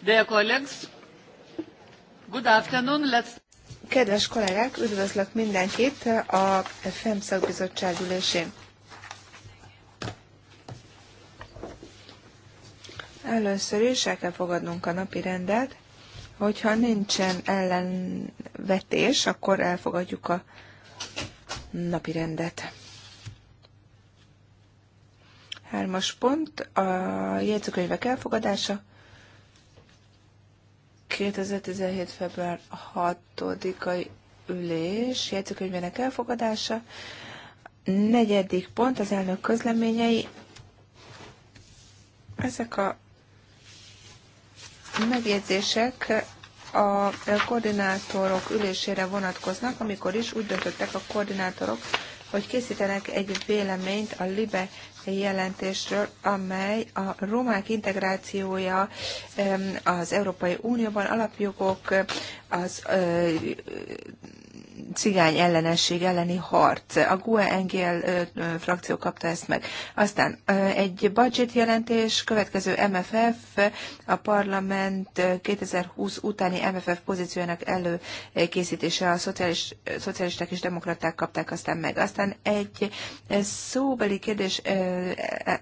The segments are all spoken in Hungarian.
Dear colleagues, good afternoon. Let's... Kedves kollégák, üdvözlök mindenkit a FEM szakbizottság ülésén. Először is el kell fogadnunk a napi rendet. Hogyha nincsen ellenvetés, akkor elfogadjuk a napi rendet. Hármas pont, a jegyzőkönyvek elfogadása. 2017. február 6-ai ülés jegyzőkönyvének elfogadása. Negyedik pont az elnök közleményei. Ezek a megjegyzések a koordinátorok ülésére vonatkoznak, amikor is úgy döntöttek a koordinátorok, hogy készítenek egy véleményt a LIBE jelentésről, amely a romák integrációja az Európai Unióban, alapjogok, az cigány ellenesség elleni harc. A GUE NGL frakció kapta ezt meg. Aztán egy budget jelentés, következő MFF, a parlament 2020 utáni MFF pozíciójának előkészítése a szociális, szocialisták és demokraták kapták aztán meg. Aztán egy szóbeli kérdés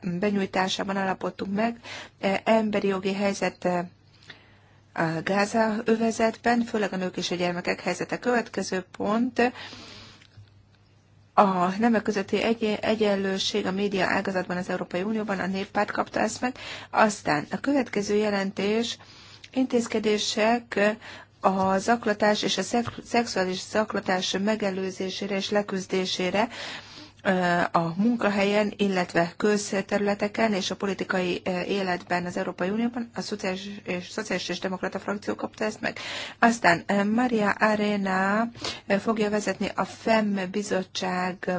benyújtásában alapodtunk meg, emberi jogi helyzet a Gáza övezetben, főleg a nők és a gyermekek helyzete. Következő pont a nemek közötti egy- egyenlőség a média ágazatban az Európai Unióban, a névpárt kapta ezt meg. Aztán a következő jelentés intézkedések a zaklatás és a szexuális zaklatás megelőzésére és leküzdésére a munkahelyen, illetve közterületeken és a politikai életben az Európai Unióban. A Szociális és, Szociális és Demokrata frakció kapta ezt meg. Aztán Maria Arena fogja vezetni a FEM bizottság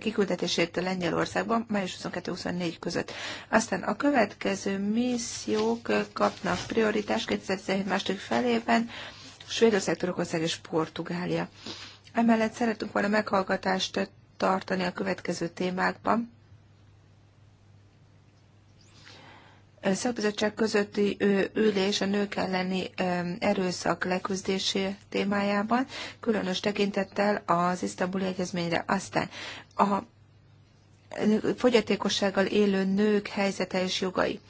kiküldetését Lengyelországban május 22-24 között. Aztán a következő missziók kapnak prioritást 2017 második felében Svédország, Törökország és Portugália. Emellett szeretünk volna meghallgatást tartani a következő témákban. Szakbizottság közötti ülés a nők elleni erőszak leküzdési témájában, különös tekintettel az isztambuli egyezményre. Aztán a fogyatékossággal élő nők helyzete és jogai.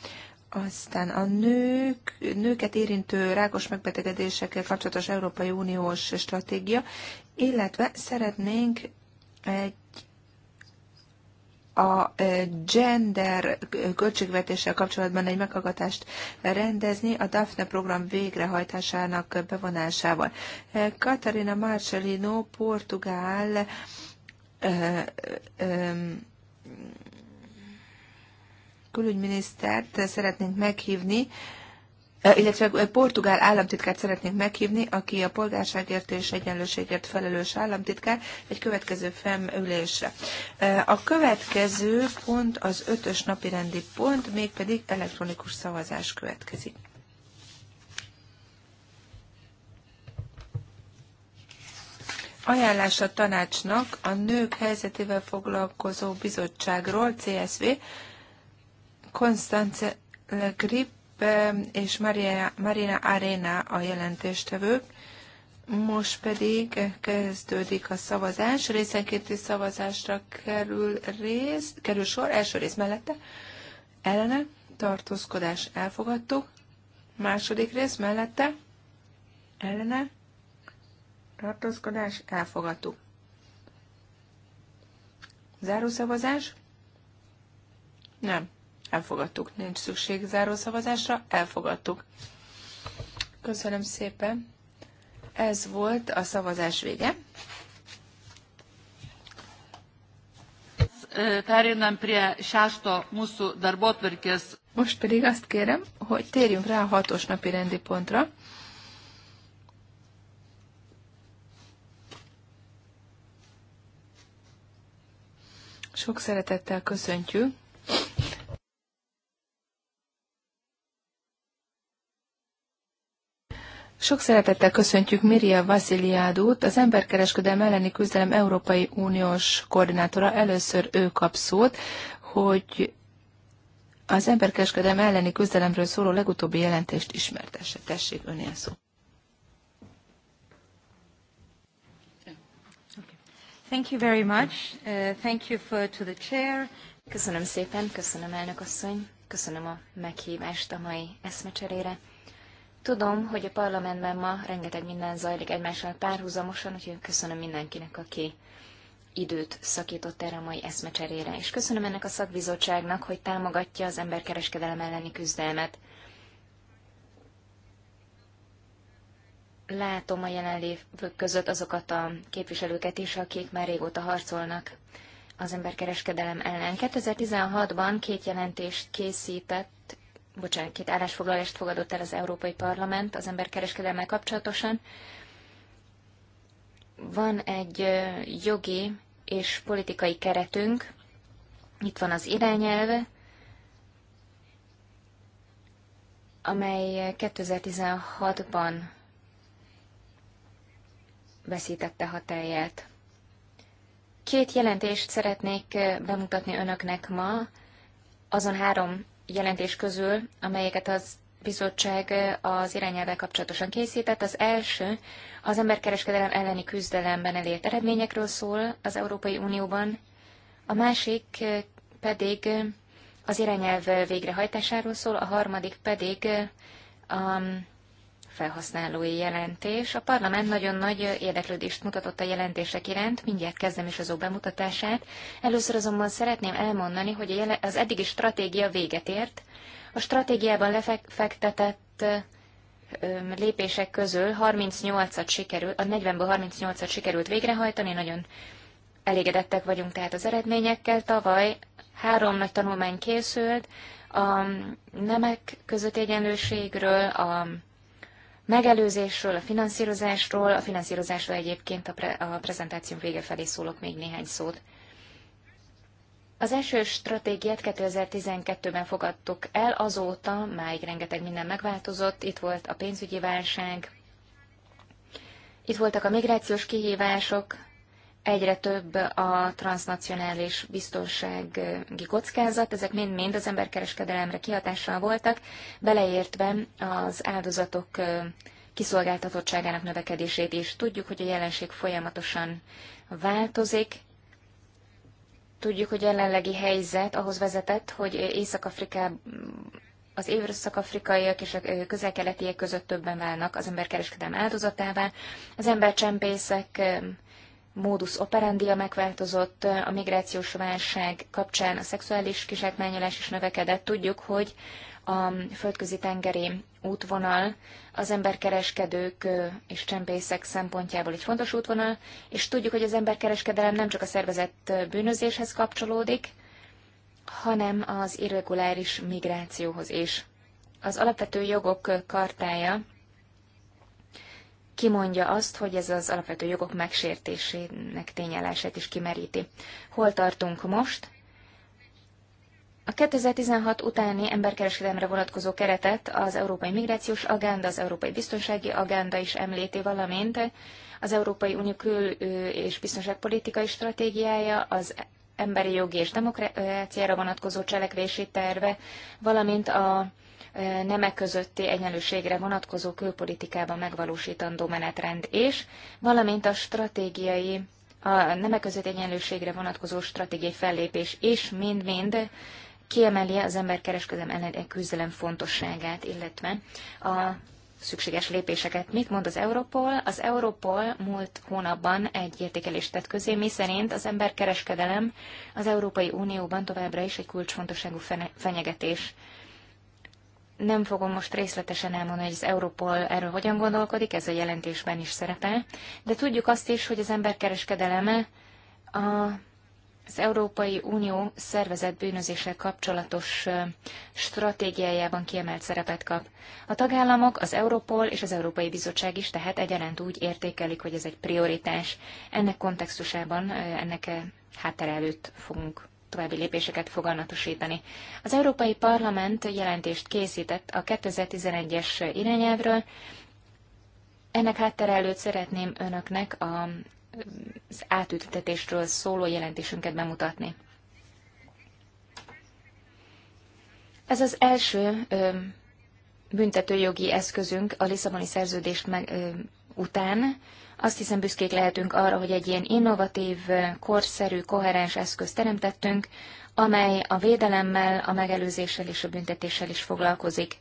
Aztán a nők, nőket érintő rákos megbetegedésekkel kapcsolatos Európai Uniós stratégia, illetve szeretnénk egy a gender költségvetéssel kapcsolatban egy meghallgatást rendezni a DAFNE program végrehajtásának bevonásával. Katarina Marcelino, portugál külügyminisztert szeretnénk meghívni, illetve portugál államtitkát szeretnénk meghívni, aki a polgárságért és egyenlőségért felelős államtitkár egy következő FEM A következő pont az ötös napi rendi pont, mégpedig elektronikus szavazás következik. Ajánlás a tanácsnak a nők helyzetével foglalkozó bizottságról, CSV, Konstance Grip és Maria, Marina Arena a jelentéstevők. Most pedig kezdődik a szavazás. Részenkéti szavazásra kerül, rész, kerül sor. Első rész mellette. Ellene. Tartózkodás elfogadtuk. Második rész mellette. Ellene. Tartózkodás elfogadtuk. Zárószavazás? Nem. Elfogadtuk. Nincs szükség zárószavazásra. Elfogadtuk. Köszönöm szépen. Ez volt a szavazás vége. Perinem prie šešto musu darbotvarkės. Most pedig azt kérem, hogy térjünk rá a hatos napi rendi pontra. Sok szeretettel köszöntjük Sok szeretettel köszöntjük Miria Vasiliádút, az emberkereskedelem elleni küzdelem Európai Uniós koordinátora. Először ő kap szót, hogy az emberkereskedelem elleni küzdelemről szóló legutóbbi jelentést ismertesse. Tessék, önél szó. Thank you very much. Uh, thank you for, to the chair. Köszönöm szépen, köszönöm elnök asszony, köszönöm a meghívást a mai eszmecserére. Tudom, hogy a parlamentben ma rengeteg minden zajlik egymással párhuzamosan, úgyhogy köszönöm mindenkinek, aki időt szakított erre a mai eszmecserére, és köszönöm ennek a szakbizottságnak, hogy támogatja az emberkereskedelem elleni küzdelmet. Látom a jelenlévők között azokat a képviselőket is, akik már régóta harcolnak az emberkereskedelem ellen. 2016-ban két jelentést készített bocsánat, két állásfoglalást fogadott el az Európai Parlament az emberkereskedelmel kapcsolatosan. Van egy jogi és politikai keretünk, itt van az irányelv, amely 2016-ban veszítette hatáját. Két jelentést szeretnék bemutatni önöknek ma, azon három jelentés közül, amelyeket az bizottság az irányelvvel kapcsolatosan készített. Az első az emberkereskedelem elleni küzdelemben elért eredményekről szól az Európai Unióban, a másik pedig az irányelv végrehajtásáról szól, a harmadik pedig a um, felhasználói jelentés. A parlament nagyon nagy érdeklődést mutatott a jelentések iránt, mindjárt kezdem is azok bemutatását. Először azonban szeretném elmondani, hogy az eddigi stratégia véget ért. A stratégiában lefektetett lépések közül 38-at sikerült, a 40-ből 38-at sikerült végrehajtani, nagyon elégedettek vagyunk tehát az eredményekkel. Tavaly három nagy tanulmány készült, a nemek közötti egyenlőségről, a megelőzésről, a finanszírozásról, a finanszírozásról egyébként a, pre, a prezentáció vége felé szólok még néhány szót. Az első stratégiát 2012-ben fogadtuk el, azóta máig rengeteg minden megváltozott, itt volt a pénzügyi válság, itt voltak a migrációs kihívások, egyre több a transnacionális biztonsági kockázat, ezek mind-mind az emberkereskedelemre kihatással voltak, beleértve az áldozatok kiszolgáltatottságának növekedését is. Tudjuk, hogy a jelenség folyamatosan változik, tudjuk, hogy jelenlegi helyzet ahhoz vezetett, hogy észak afriká az észak-afrikaiak és a közel-keletiek között többen válnak az emberkereskedelem áldozatává. Az embercsempészek modus operandia megváltozott, a migrációs válság kapcsán a szexuális kizsákmányolás is növekedett. Tudjuk, hogy a földközi tengeri útvonal az emberkereskedők és csempészek szempontjából egy fontos útvonal, és tudjuk, hogy az emberkereskedelem nem csak a szervezett bűnözéshez kapcsolódik, hanem az irreguláris migrációhoz is. Az alapvető jogok kartája kimondja azt, hogy ez az alapvető jogok megsértésének tényelását is kimeríti. Hol tartunk most? A 2016 utáni emberkereskedelemre vonatkozó keretet az Európai Migrációs Agenda, az Európai Biztonsági Agenda is említi, valamint az Európai Unió kül- és biztonságpolitikai stratégiája, az emberi jogi és demokráciára vonatkozó cselekvési terve, valamint a nemek közötti egyenlőségre vonatkozó külpolitikában megvalósítandó menetrend és, valamint a stratégiai, a nemek közötti egyenlőségre vonatkozó stratégiai fellépés is mind-mind kiemeli az emberkereskedelem elleni küzdelem fontosságát, illetve a szükséges lépéseket. Mit mond az Europol? Az Europol múlt hónapban egy értékelést tett közé, mi szerint az emberkereskedelem az Európai Unióban továbbra is egy kulcsfontosságú fenyegetés. Nem fogom most részletesen elmondani, hogy az Európol erről hogyan gondolkodik, ez a jelentésben is szerepel, de tudjuk azt is, hogy az emberkereskedeleme a, az Európai Unió szervezett bűnözéssel kapcsolatos stratégiájában kiemelt szerepet kap. A tagállamok, az Európol és az Európai Bizottság is tehát egyaránt úgy értékelik, hogy ez egy prioritás. Ennek kontextusában, ennek háttere előtt fogunk további lépéseket foganatosítani. Az Európai Parlament jelentést készített a 2011-es irányelvről. Ennek háttere előtt szeretném önöknek a, az átültetésről szóló jelentésünket bemutatni. Ez az első ö, büntetőjogi eszközünk a Lisszaboni szerződést meg, ö, után, azt hiszem büszkék lehetünk arra, hogy egy ilyen innovatív, korszerű, koherens eszközt teremtettünk, amely a védelemmel, a megelőzéssel és a büntetéssel is foglalkozik.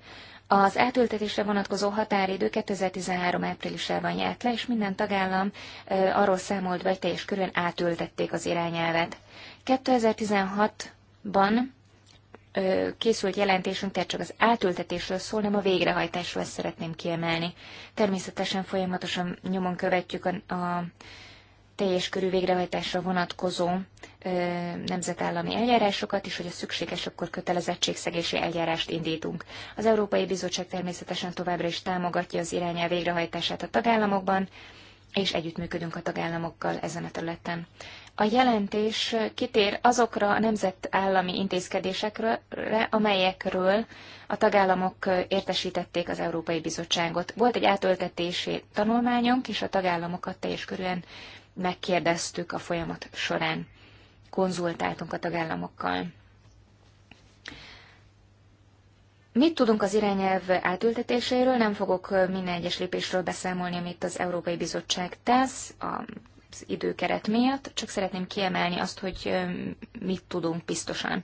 Az átültetésre vonatkozó határidő 2013 áprilisában járt le, és minden tagállam arról számolt be, hogy teljes körön átültették az irányelvet. 2016-ban készült jelentésünk tehát csak az átültetésről szól, nem a végrehajtásról ezt szeretném kiemelni. Természetesen folyamatosan nyomon követjük a, a teljes körű végrehajtásra vonatkozó ö, nemzetállami eljárásokat is, hogy a szükséges, akkor kötelezettségszegési eljárást indítunk. Az Európai Bizottság természetesen továbbra is támogatja az irányel végrehajtását a tagállamokban, és együttműködünk a tagállamokkal ezen a területen. A jelentés kitér azokra a nemzetállami intézkedésekre, amelyekről a tagállamok értesítették az Európai Bizottságot. Volt egy átöltetési tanulmányunk, és a tagállamokat teljes körülön megkérdeztük a folyamat során. Konzultáltunk a tagállamokkal. Mit tudunk az irányelv átültetéséről? Nem fogok minden egyes lépésről beszámolni, amit az Európai Bizottság tesz, a az időkeret miatt, csak szeretném kiemelni azt, hogy mit tudunk biztosan.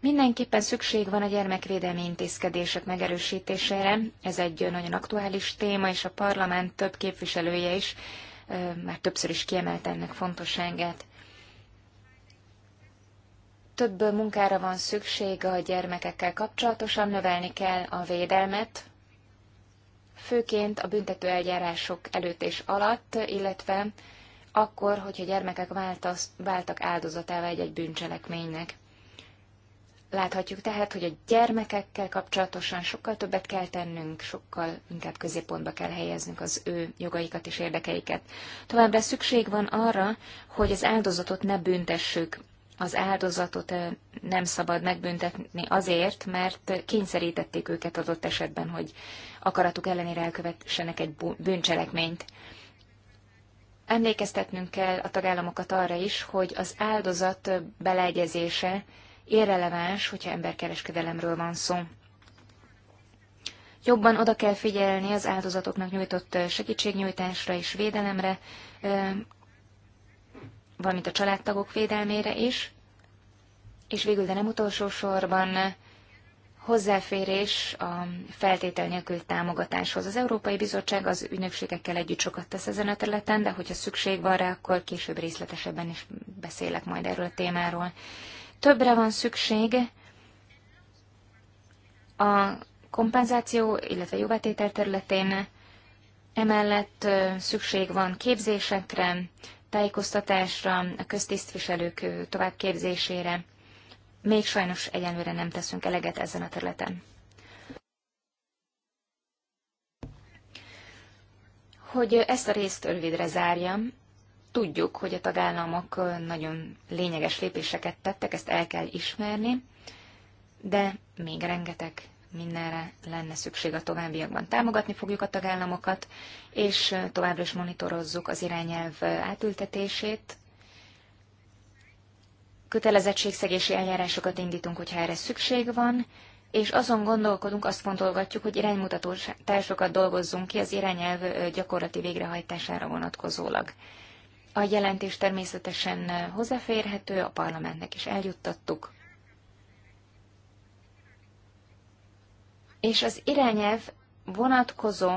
Mindenképpen szükség van a gyermekvédelmi intézkedések megerősítésére. Ez egy nagyon aktuális téma, és a parlament több képviselője is már többször is kiemelte ennek fontosságát. Több munkára van szükség a gyermekekkel kapcsolatosan, növelni kell a védelmet, főként a büntető eljárások előtt és alatt, illetve akkor, hogyha gyermekek váltasz, váltak áldozatává egy-egy bűncselekménynek. Láthatjuk tehát, hogy a gyermekekkel kapcsolatosan sokkal többet kell tennünk, sokkal inkább középpontba kell helyeznünk az ő jogaikat és érdekeiket. Továbbá szükség van arra, hogy az áldozatot ne büntessük. Az áldozatot nem szabad megbüntetni azért, mert kényszerítették őket adott esetben, hogy akaratuk ellenére elkövetsenek egy bűncselekményt. Emlékeztetnünk kell a tagállamokat arra is, hogy az áldozat beleegyezése irreleváns, hogyha emberkereskedelemről van szó. Jobban oda kell figyelni az áldozatoknak nyújtott segítségnyújtásra és védelemre, valamint a családtagok védelmére is, és végül, de nem utolsó sorban hozzáférés a feltétel nélkül támogatáshoz. Az Európai Bizottság az ügynökségekkel együtt sokat tesz ezen a területen, de hogyha szükség van rá, akkor később részletesebben is beszélek majd erről a témáról. Többre van szükség a kompenzáció, illetve jóvátétel területén, emellett szükség van képzésekre, tájékoztatásra, a köztisztviselők továbbképzésére, még sajnos egyenlőre nem teszünk eleget ezen a területen. Hogy ezt a részt rövidre zárjam, tudjuk, hogy a tagállamok nagyon lényeges lépéseket tettek, ezt el kell ismerni, de még rengeteg mindenre lenne szükség a továbbiakban. Támogatni fogjuk a tagállamokat, és továbbra is monitorozzuk az irányelv átültetését, kötelezettségszegési eljárásokat indítunk, hogyha erre szükség van, és azon gondolkodunk, azt fontolgatjuk, hogy iránymutató társokat dolgozzunk ki az irányelv gyakorlati végrehajtására vonatkozólag. A jelentés természetesen hozzáférhető, a parlamentnek is eljuttattuk. És az irányelv vonatkozó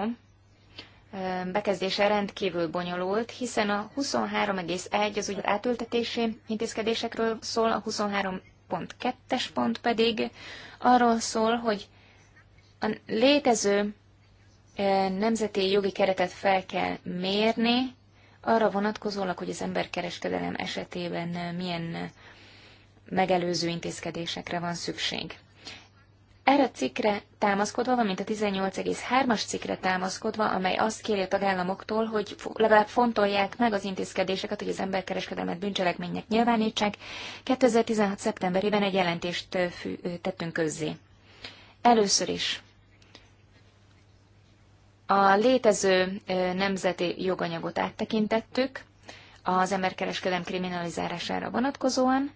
bekezdése rendkívül bonyolult, hiszen a 23,1 az úgy átültetési intézkedésekről szól, a 23.2-es pont pedig arról szól, hogy a létező nemzeti jogi keretet fel kell mérni, arra vonatkozólag, hogy az emberkereskedelem esetében milyen megelőző intézkedésekre van szükség. Erre a cikkre támaszkodva, valamint a 18,3-as cikkre támaszkodva, amely azt kéri a tagállamoktól, hogy legalább fontolják meg az intézkedéseket, hogy az emberkereskedelmet bűncselekménynek nyilvánítsák, 2016. szeptemberében egy jelentést tettünk közzé. Először is a létező nemzeti joganyagot áttekintettük az emberkereskedelem kriminalizálására vonatkozóan,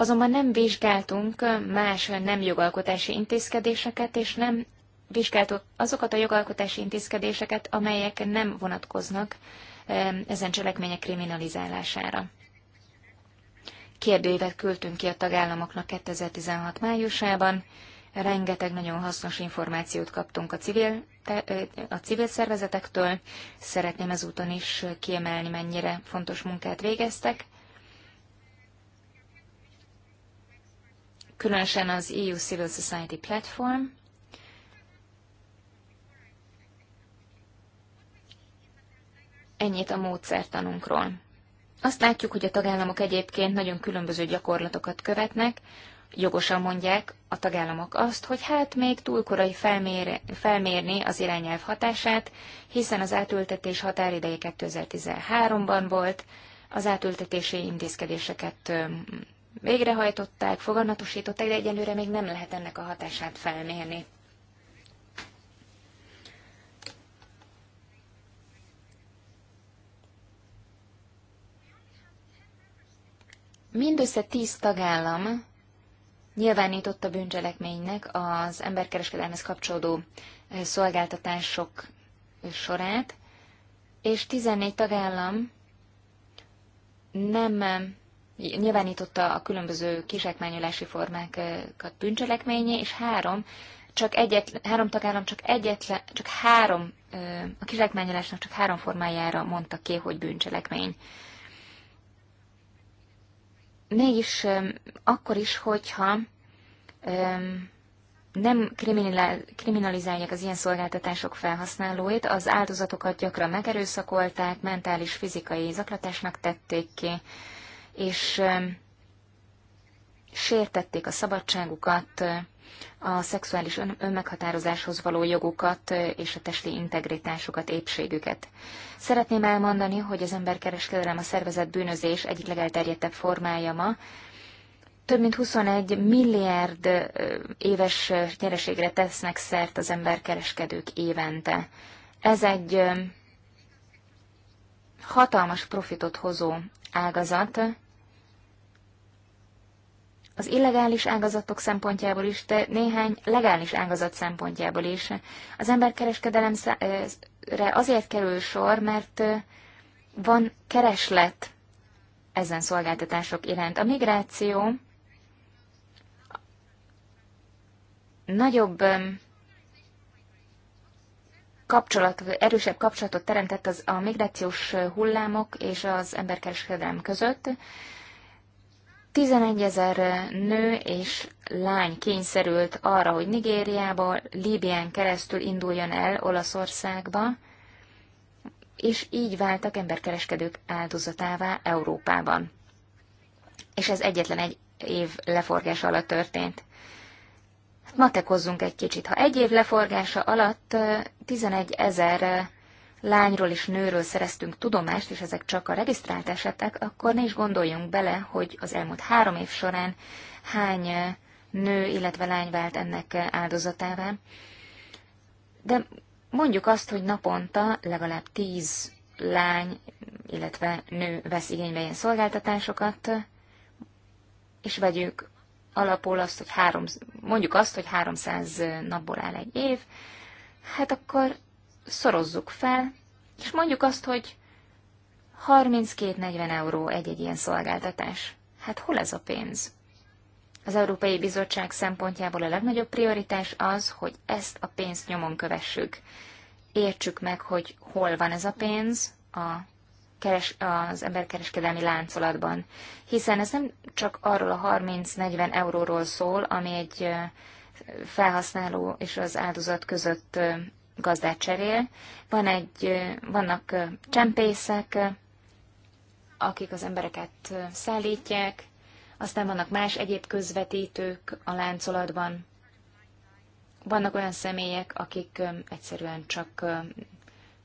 Azonban nem vizsgáltunk más nem jogalkotási intézkedéseket, és nem vizsgáltuk azokat a jogalkotási intézkedéseket, amelyek nem vonatkoznak ezen cselekmények kriminalizálására. Kérdőívet küldtünk ki a tagállamoknak 2016 májusában, rengeteg nagyon hasznos információt kaptunk a civil, a civil szervezetektől, szeretném ezúton is kiemelni, mennyire fontos munkát végeztek, különösen az EU Civil Society Platform. Ennyit a módszertanunkról. Azt látjuk, hogy a tagállamok egyébként nagyon különböző gyakorlatokat követnek, jogosan mondják a tagállamok azt, hogy hát még túl korai felmér, felmérni az irányelv hatását, hiszen az átültetés határideje 2013-ban volt, az átültetési intézkedéseket végrehajtották, foganatosították, de egyelőre még nem lehet ennek a hatását felmérni. Mindössze tíz tagállam nyilvánította bűncselekménynek az emberkereskedelmhez kapcsolódó szolgáltatások sorát, és 14 tagállam nem nyilvánította a különböző kizsákmányolási formákat bűncselekményé, és három, csak egyet, három tagállam csak egyetlen, csak három, a kizsákmányolásnak csak három formájára mondta ki, hogy bűncselekmény. Mégis akkor is, hogyha nem kriminalizálják az ilyen szolgáltatások felhasználóit, az áldozatokat gyakran megerőszakolták, mentális, fizikai zaklatásnak tették ki, és um, sértették a szabadságukat, a szexuális önmeghatározáshoz való jogukat és a testi integritásukat, épségüket. Szeretném elmondani, hogy az emberkereskedelem a szervezett bűnözés egyik legelterjedtebb formája ma. Több mint 21 milliárd éves nyereségre tesznek szert az emberkereskedők évente. Ez egy hatalmas profitot hozó ágazat, az illegális ágazatok szempontjából is, de néhány legális ágazat szempontjából is. Az emberkereskedelemre azért kerül sor, mert van kereslet ezen szolgáltatások iránt. A migráció nagyobb kapcsolat, erősebb kapcsolatot teremtett az, a migrációs hullámok és az emberkereskedelem között, 11 ezer nő és lány kényszerült arra, hogy Nigériába, Líbián keresztül induljon el Olaszországba, és így váltak emberkereskedők áldozatává Európában. És ez egyetlen egy év leforgása alatt történt. Matekozzunk egy kicsit. Ha egy év leforgása alatt 11 ezer lányról és nőről szereztünk tudomást, és ezek csak a regisztrált esetek, akkor ne is gondoljunk bele, hogy az elmúlt három év során hány eh, nő, illetve lány vált ennek eh, áldozatává. De mondjuk azt, hogy naponta legalább tíz lány, illetve nő vesz igénybe ilyen szolgáltatásokat, és vegyük alapul azt, hogy három, mondjuk azt, hogy 300 napból áll egy év, hát akkor szorozzuk fel, és mondjuk azt, hogy 32-40 euró egy-egy ilyen szolgáltatás. Hát hol ez a pénz? Az Európai Bizottság szempontjából a legnagyobb prioritás az, hogy ezt a pénzt nyomon kövessük. Értsük meg, hogy hol van ez a pénz a keres, az emberkereskedelmi láncolatban. Hiszen ez nem csak arról a 30-40 euróról szól, ami egy felhasználó és az áldozat között gazdát cserél. Van egy, vannak csempészek, akik az embereket szállítják, aztán vannak más egyéb közvetítők a láncolatban. Vannak olyan személyek, akik egyszerűen csak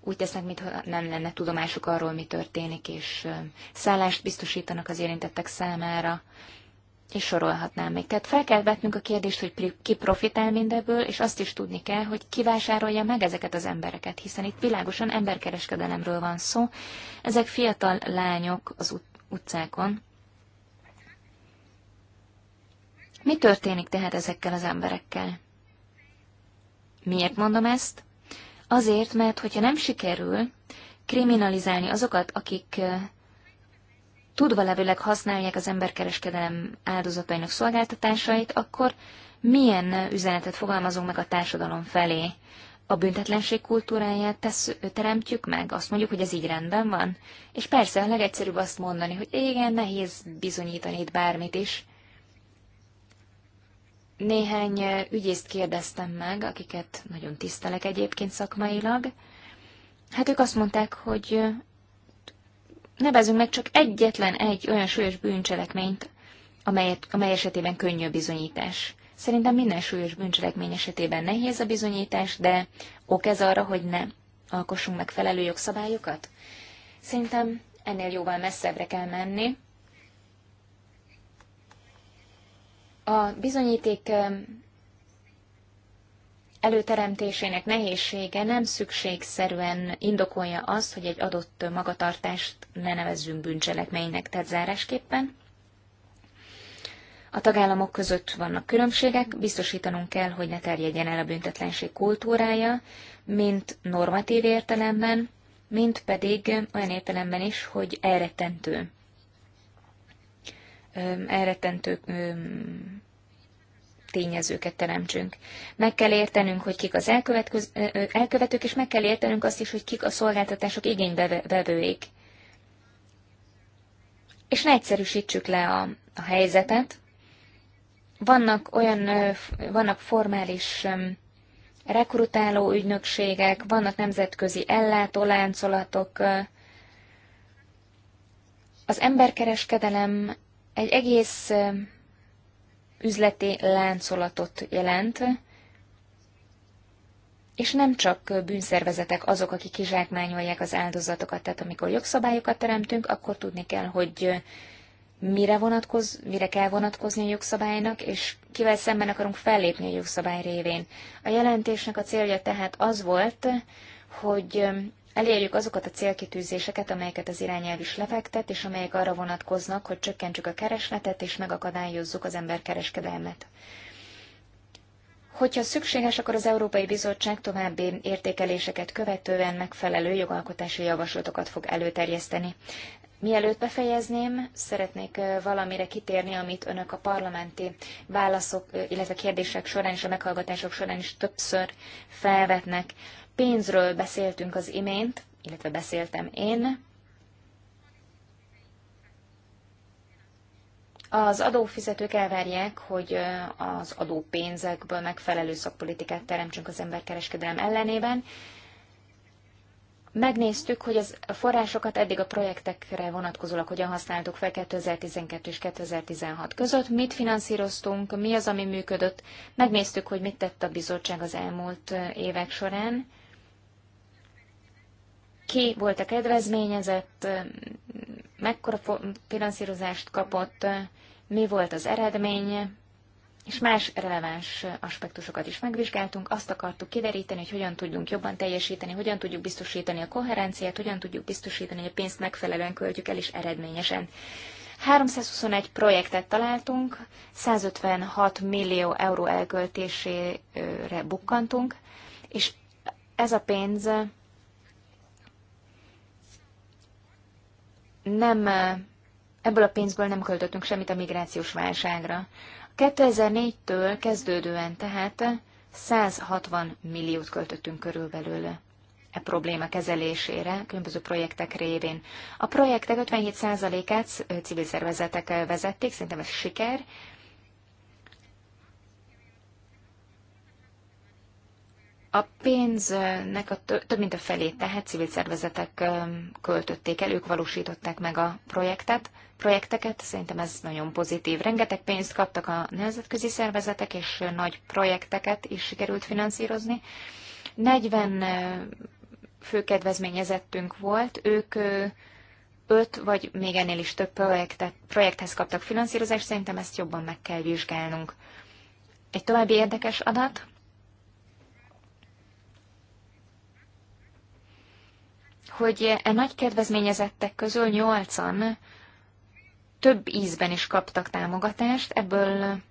úgy tesznek, mintha nem lenne tudomásuk arról, mi történik, és szállást biztosítanak az érintettek számára, és sorolhatnám még. Tehát fel kell vetnünk a kérdést, hogy ki profitál mindebből, és azt is tudni kell, hogy ki vásárolja meg ezeket az embereket, hiszen itt világosan emberkereskedelemről van szó. Ezek fiatal lányok az ut- utcákon. Mi történik tehát ezekkel az emberekkel? Miért mondom ezt? Azért, mert hogyha nem sikerül kriminalizálni azokat, akik eh, tudva levőleg használják az emberkereskedelem áldozatainak szolgáltatásait, akkor milyen üzenetet fogalmazunk meg a társadalom felé? A büntetlenség kultúráját tesz, teremtjük meg? Azt mondjuk, hogy ez így rendben van? És persze a legegyszerűbb azt mondani, hogy igen, nehéz bizonyítani itt bármit is. Néhány ügyészt kérdeztem meg, akiket nagyon tisztelek egyébként szakmailag. Hát ők azt mondták, hogy nevezünk meg csak egyetlen egy olyan súlyos bűncselekményt, amelyet, amely esetében könnyű bizonyítás. Szerintem minden súlyos bűncselekmény esetében nehéz a bizonyítás, de ok ez arra, hogy ne alkossunk meg felelő jogszabályokat? Szerintem ennél jóval messzebbre kell menni. A bizonyíték előteremtésének nehézsége nem szükségszerűen indokolja azt, hogy egy adott magatartást ne nevezzünk bűncselekménynek, tehát zárásképpen. A tagállamok között vannak különbségek, biztosítanunk kell, hogy ne terjedjen el a büntetlenség kultúrája, mint normatív értelemben, mint pedig olyan értelemben is, hogy elrettentő. Elrettentő tényezőket teremtsünk. Meg kell értenünk, hogy kik az elkövetők, és meg kell értenünk azt is, hogy kik a szolgáltatások igénybevőik. És ne egyszerűsítsük le a, a helyzetet. Vannak olyan, vannak formális rekrutáló ügynökségek, vannak nemzetközi ellátóláncolatok. Az emberkereskedelem egy egész üzleti láncolatot jelent, és nem csak bűnszervezetek azok, akik kizsákmányolják az áldozatokat, tehát amikor jogszabályokat teremtünk, akkor tudni kell, hogy mire, vonatkoz, mire kell vonatkozni a jogszabálynak, és kivel szemben akarunk fellépni a jogszabály révén. A jelentésnek a célja tehát az volt, hogy elérjük azokat a célkitűzéseket, amelyeket az irányelv is lefektet, és amelyek arra vonatkoznak, hogy csökkentsük a keresletet, és megakadályozzuk az emberkereskedelmet. Hogyha szükséges, akkor az Európai Bizottság további értékeléseket követően megfelelő jogalkotási javaslatokat fog előterjeszteni. Mielőtt befejezném, szeretnék valamire kitérni, amit önök a parlamenti válaszok, illetve kérdések során és a meghallgatások során is többször felvetnek. Pénzről beszéltünk az imént, illetve beszéltem én. Az adófizetők elvárják, hogy az adópénzekből megfelelő szakpolitikát teremtsünk az emberkereskedelem ellenében. Megnéztük, hogy az a forrásokat eddig a projektekre vonatkozólag hogyan használtuk fel 2012 és 2016 között, mit finanszíroztunk, mi az, ami működött, megnéztük, hogy mit tett a bizottság az elmúlt évek során, ki volt a kedvezményezett, mekkora finanszírozást kapott, mi volt az eredménye, és más releváns aspektusokat is megvizsgáltunk. Azt akartuk kideríteni, hogy hogyan tudjunk jobban teljesíteni, hogyan tudjuk biztosítani a koherenciát, hogyan tudjuk biztosítani, hogy a pénzt megfelelően költjük el is eredményesen. 321 projektet találtunk, 156 millió euró elköltésére bukkantunk, és ez a pénz nem, ebből a pénzből nem költöttünk semmit a migrációs válságra. 2004-től kezdődően tehát 160 milliót költöttünk körülbelül e probléma kezelésére, különböző projektek révén. A projektek 57%-át civil szervezetek vezették, szerintem ez siker, A pénznek a több mint a felét tehát civil szervezetek költötték el, ők valósították meg a projektet, projekteket, szerintem ez nagyon pozitív. Rengeteg pénzt kaptak a nemzetközi szervezetek, és nagy projekteket is sikerült finanszírozni. 40 fő kedvezményezettünk volt, ők öt vagy még ennél is több projektet, projekthez kaptak finanszírozást, szerintem ezt jobban meg kell vizsgálnunk. Egy további érdekes adat, hogy e nagy kedvezményezettek közül nyolcan több ízben is kaptak támogatást, ebből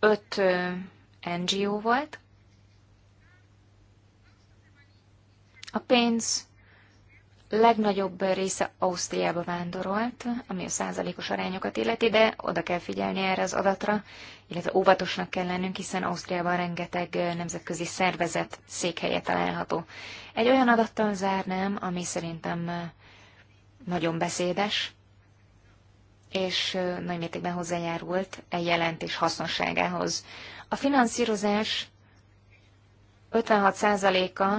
öt NGO volt. A pénz legnagyobb része Ausztriába vándorolt, ami a százalékos arányokat illeti, de oda kell figyelni erre az adatra, illetve óvatosnak kell lennünk, hiszen Ausztriában rengeteg nemzetközi szervezet székhelye található. Egy olyan adattal zárnám, ami szerintem nagyon beszédes, és nagy mértékben hozzájárult e jelentés hasznosságához. A finanszírozás 56%-a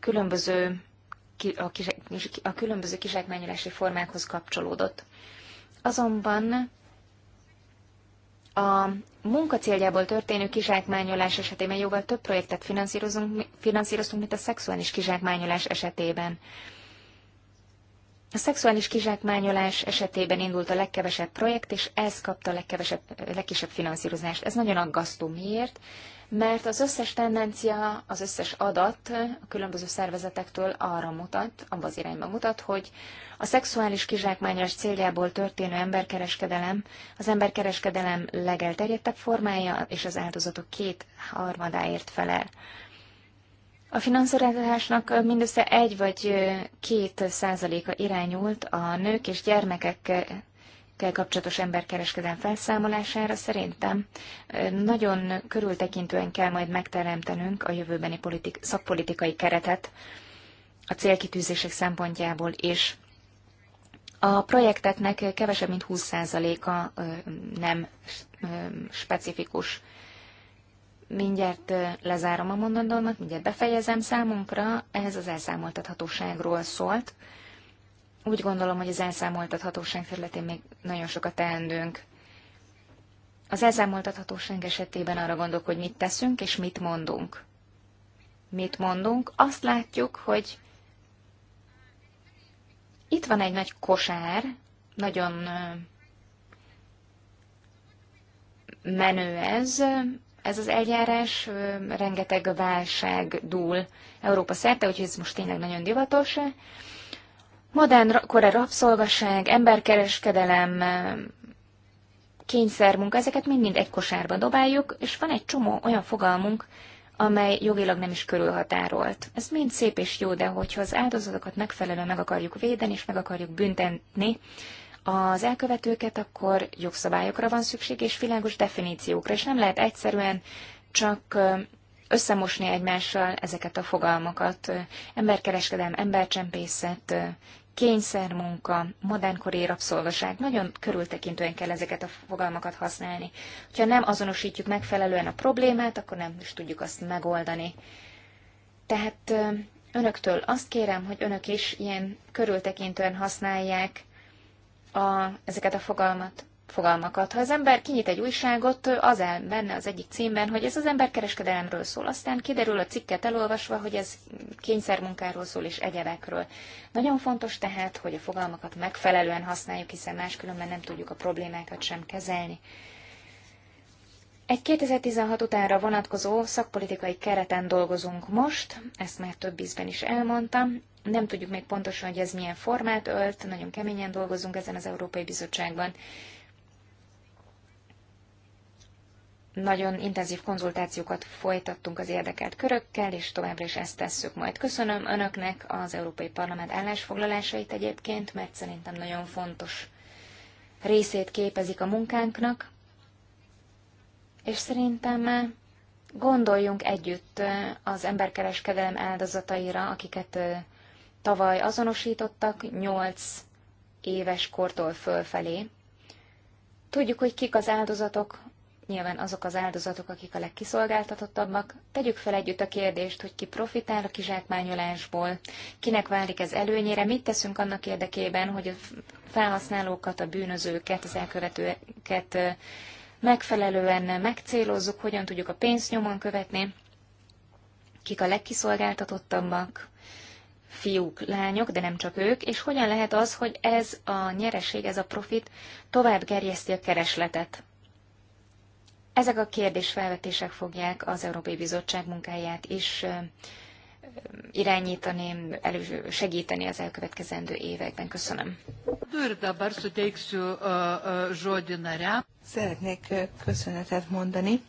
különböző a, különböző kizsákmányolási formákhoz kapcsolódott. Azonban a munka céljából történő kizsákmányolás esetében jóval több projektet finanszírozunk, finanszíroztunk, mint a szexuális kizsákmányolás esetében. A szexuális kizsákmányolás esetében indult a legkevesebb projekt, és ez kapta a legkevesebb, legkisebb finanszírozást. Ez nagyon aggasztó. Miért? Mert az összes tendencia, az összes adat a különböző szervezetektől arra mutat, abba az irányba mutat, hogy a szexuális kizsákmányolás céljából történő emberkereskedelem az emberkereskedelem legelterjedtebb formája, és az áldozatok két harmadáért felel. A finanszírozásnak mindössze egy vagy két százaléka irányult a nők és gyermekekkel kapcsolatos emberkereskedelm felszámolására. Szerintem nagyon körültekintően kell majd megteremtenünk a jövőbeni politik- szakpolitikai keretet a célkitűzések szempontjából és a projekteknek kevesebb, mint 20%-a nem specifikus mindjárt lezárom a mondandómat, mindjárt befejezem. Számunkra ez az elszámoltathatóságról szólt. Úgy gondolom, hogy az elszámoltathatóság területén még nagyon sokat teendőnk. Az elszámoltathatóság esetében arra gondolok, hogy mit teszünk és mit mondunk. Mit mondunk? Azt látjuk, hogy itt van egy nagy kosár, nagyon menő ez, ez az eljárás, rengeteg válság dúl Európa szerte, úgyhogy ez most tényleg nagyon divatos. Modern kora rabszolgaság, emberkereskedelem, kényszermunka, ezeket mind-mind egy kosárba dobáljuk, és van egy csomó olyan fogalmunk, amely jogilag nem is körülhatárolt. Ez mind szép és jó, de hogyha az áldozatokat megfelelően meg akarjuk védeni és meg akarjuk büntetni, az elkövetőket, akkor jogszabályokra van szükség, és világos definíciókra, és nem lehet egyszerűen csak összemosni egymással ezeket a fogalmakat. Emberkereskedelm, embercsempészet, kényszermunka, modernkori rabszolgaság. Nagyon körültekintően kell ezeket a fogalmakat használni. Ha nem azonosítjuk megfelelően a problémát, akkor nem is tudjuk azt megoldani. Tehát önöktől azt kérem, hogy önök is ilyen körültekintően használják a, ezeket a fogalmat, fogalmakat. Ha az ember kinyit egy újságot, az el benne az egyik címben, hogy ez az ember kereskedelemről szól. Aztán kiderül a cikket elolvasva, hogy ez kényszermunkáról szól és egyebekről. Nagyon fontos tehát, hogy a fogalmakat megfelelően használjuk, hiszen máskülönben nem tudjuk a problémákat sem kezelni. Egy 2016 utánra vonatkozó szakpolitikai kereten dolgozunk most, ezt már több ízben is elmondtam. Nem tudjuk még pontosan, hogy ez milyen formát ölt, nagyon keményen dolgozunk ezen az Európai Bizottságban. Nagyon intenzív konzultációkat folytattunk az érdekelt körökkel, és továbbra is ezt tesszük majd. Köszönöm Önöknek az Európai Parlament állásfoglalásait egyébként, mert szerintem nagyon fontos részét képezik a munkánknak és szerintem eh, gondoljunk együtt eh, az emberkereskedelem áldozataira, akiket eh, tavaly azonosítottak nyolc éves kortól fölfelé. Tudjuk, hogy kik az áldozatok, nyilván azok az áldozatok, akik a legkiszolgáltatottabbak. Tegyük fel együtt a kérdést, hogy ki profitál a kizsákmányolásból, kinek válik ez előnyére, mit teszünk annak érdekében, hogy a felhasználókat, a bűnözőket, az elkövetőket megfelelően megcélozzuk, hogyan tudjuk a pénzt nyomon követni, kik a legkiszolgáltatottabbak, fiúk, lányok, de nem csak ők, és hogyan lehet az, hogy ez a nyereség, ez a profit tovább gerjeszti a keresletet. Ezek a kérdésfelvetések fogják az Európai Bizottság munkáját is irányítani, elő segíteni az elkövetkezendő években. Köszönöm. Szeretnék köszönetet mondani,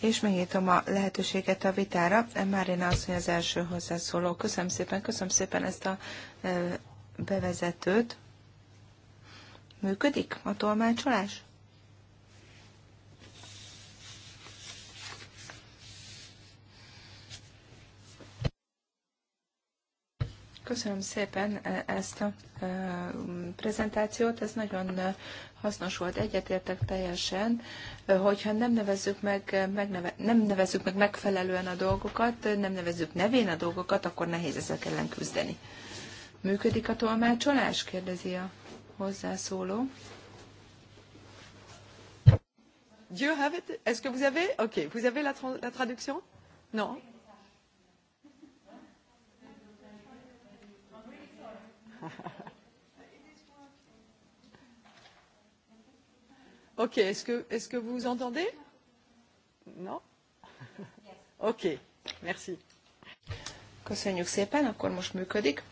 és megnyitom a lehetőséget a vitára. Márina asszony az első hozzászóló. Köszönöm szépen, köszönöm szépen ezt a bevezetőt. Működik a tolmácsolás? Köszönöm szépen e, ezt a e, prezentációt, ez nagyon e, hasznos volt, egyetértek teljesen, hogyha nem nevezzük meg, megneve, nem nevezzük meg megfelelően a dolgokat, nem nevezzük nevén a dolgokat, akkor nehéz ezek ellen küzdeni. Működik a tolmácsolás? kérdezi a hozzászóló. you have it? Est-ce que vous avez? Ok, vous avez la, tra la traduction? Non? ok, est-ce que, est que vous entendez Non Ok, merci. Köszönjük szépen, akkor most működik.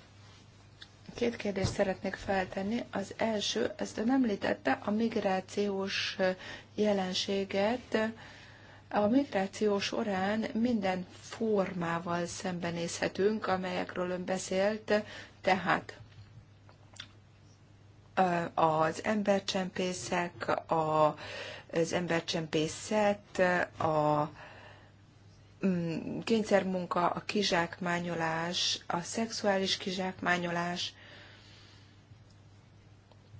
Két kérdést szeretnék feltenni. Az első, ezt ön említette, a migrációs jelenséget. A migráció során minden formával szembenézhetünk, amelyekről ön beszélt, tehát az embercsempészek, a, az embercsempészet, a mm, kényszermunka, a kizsákmányolás, a szexuális kizsákmányolás,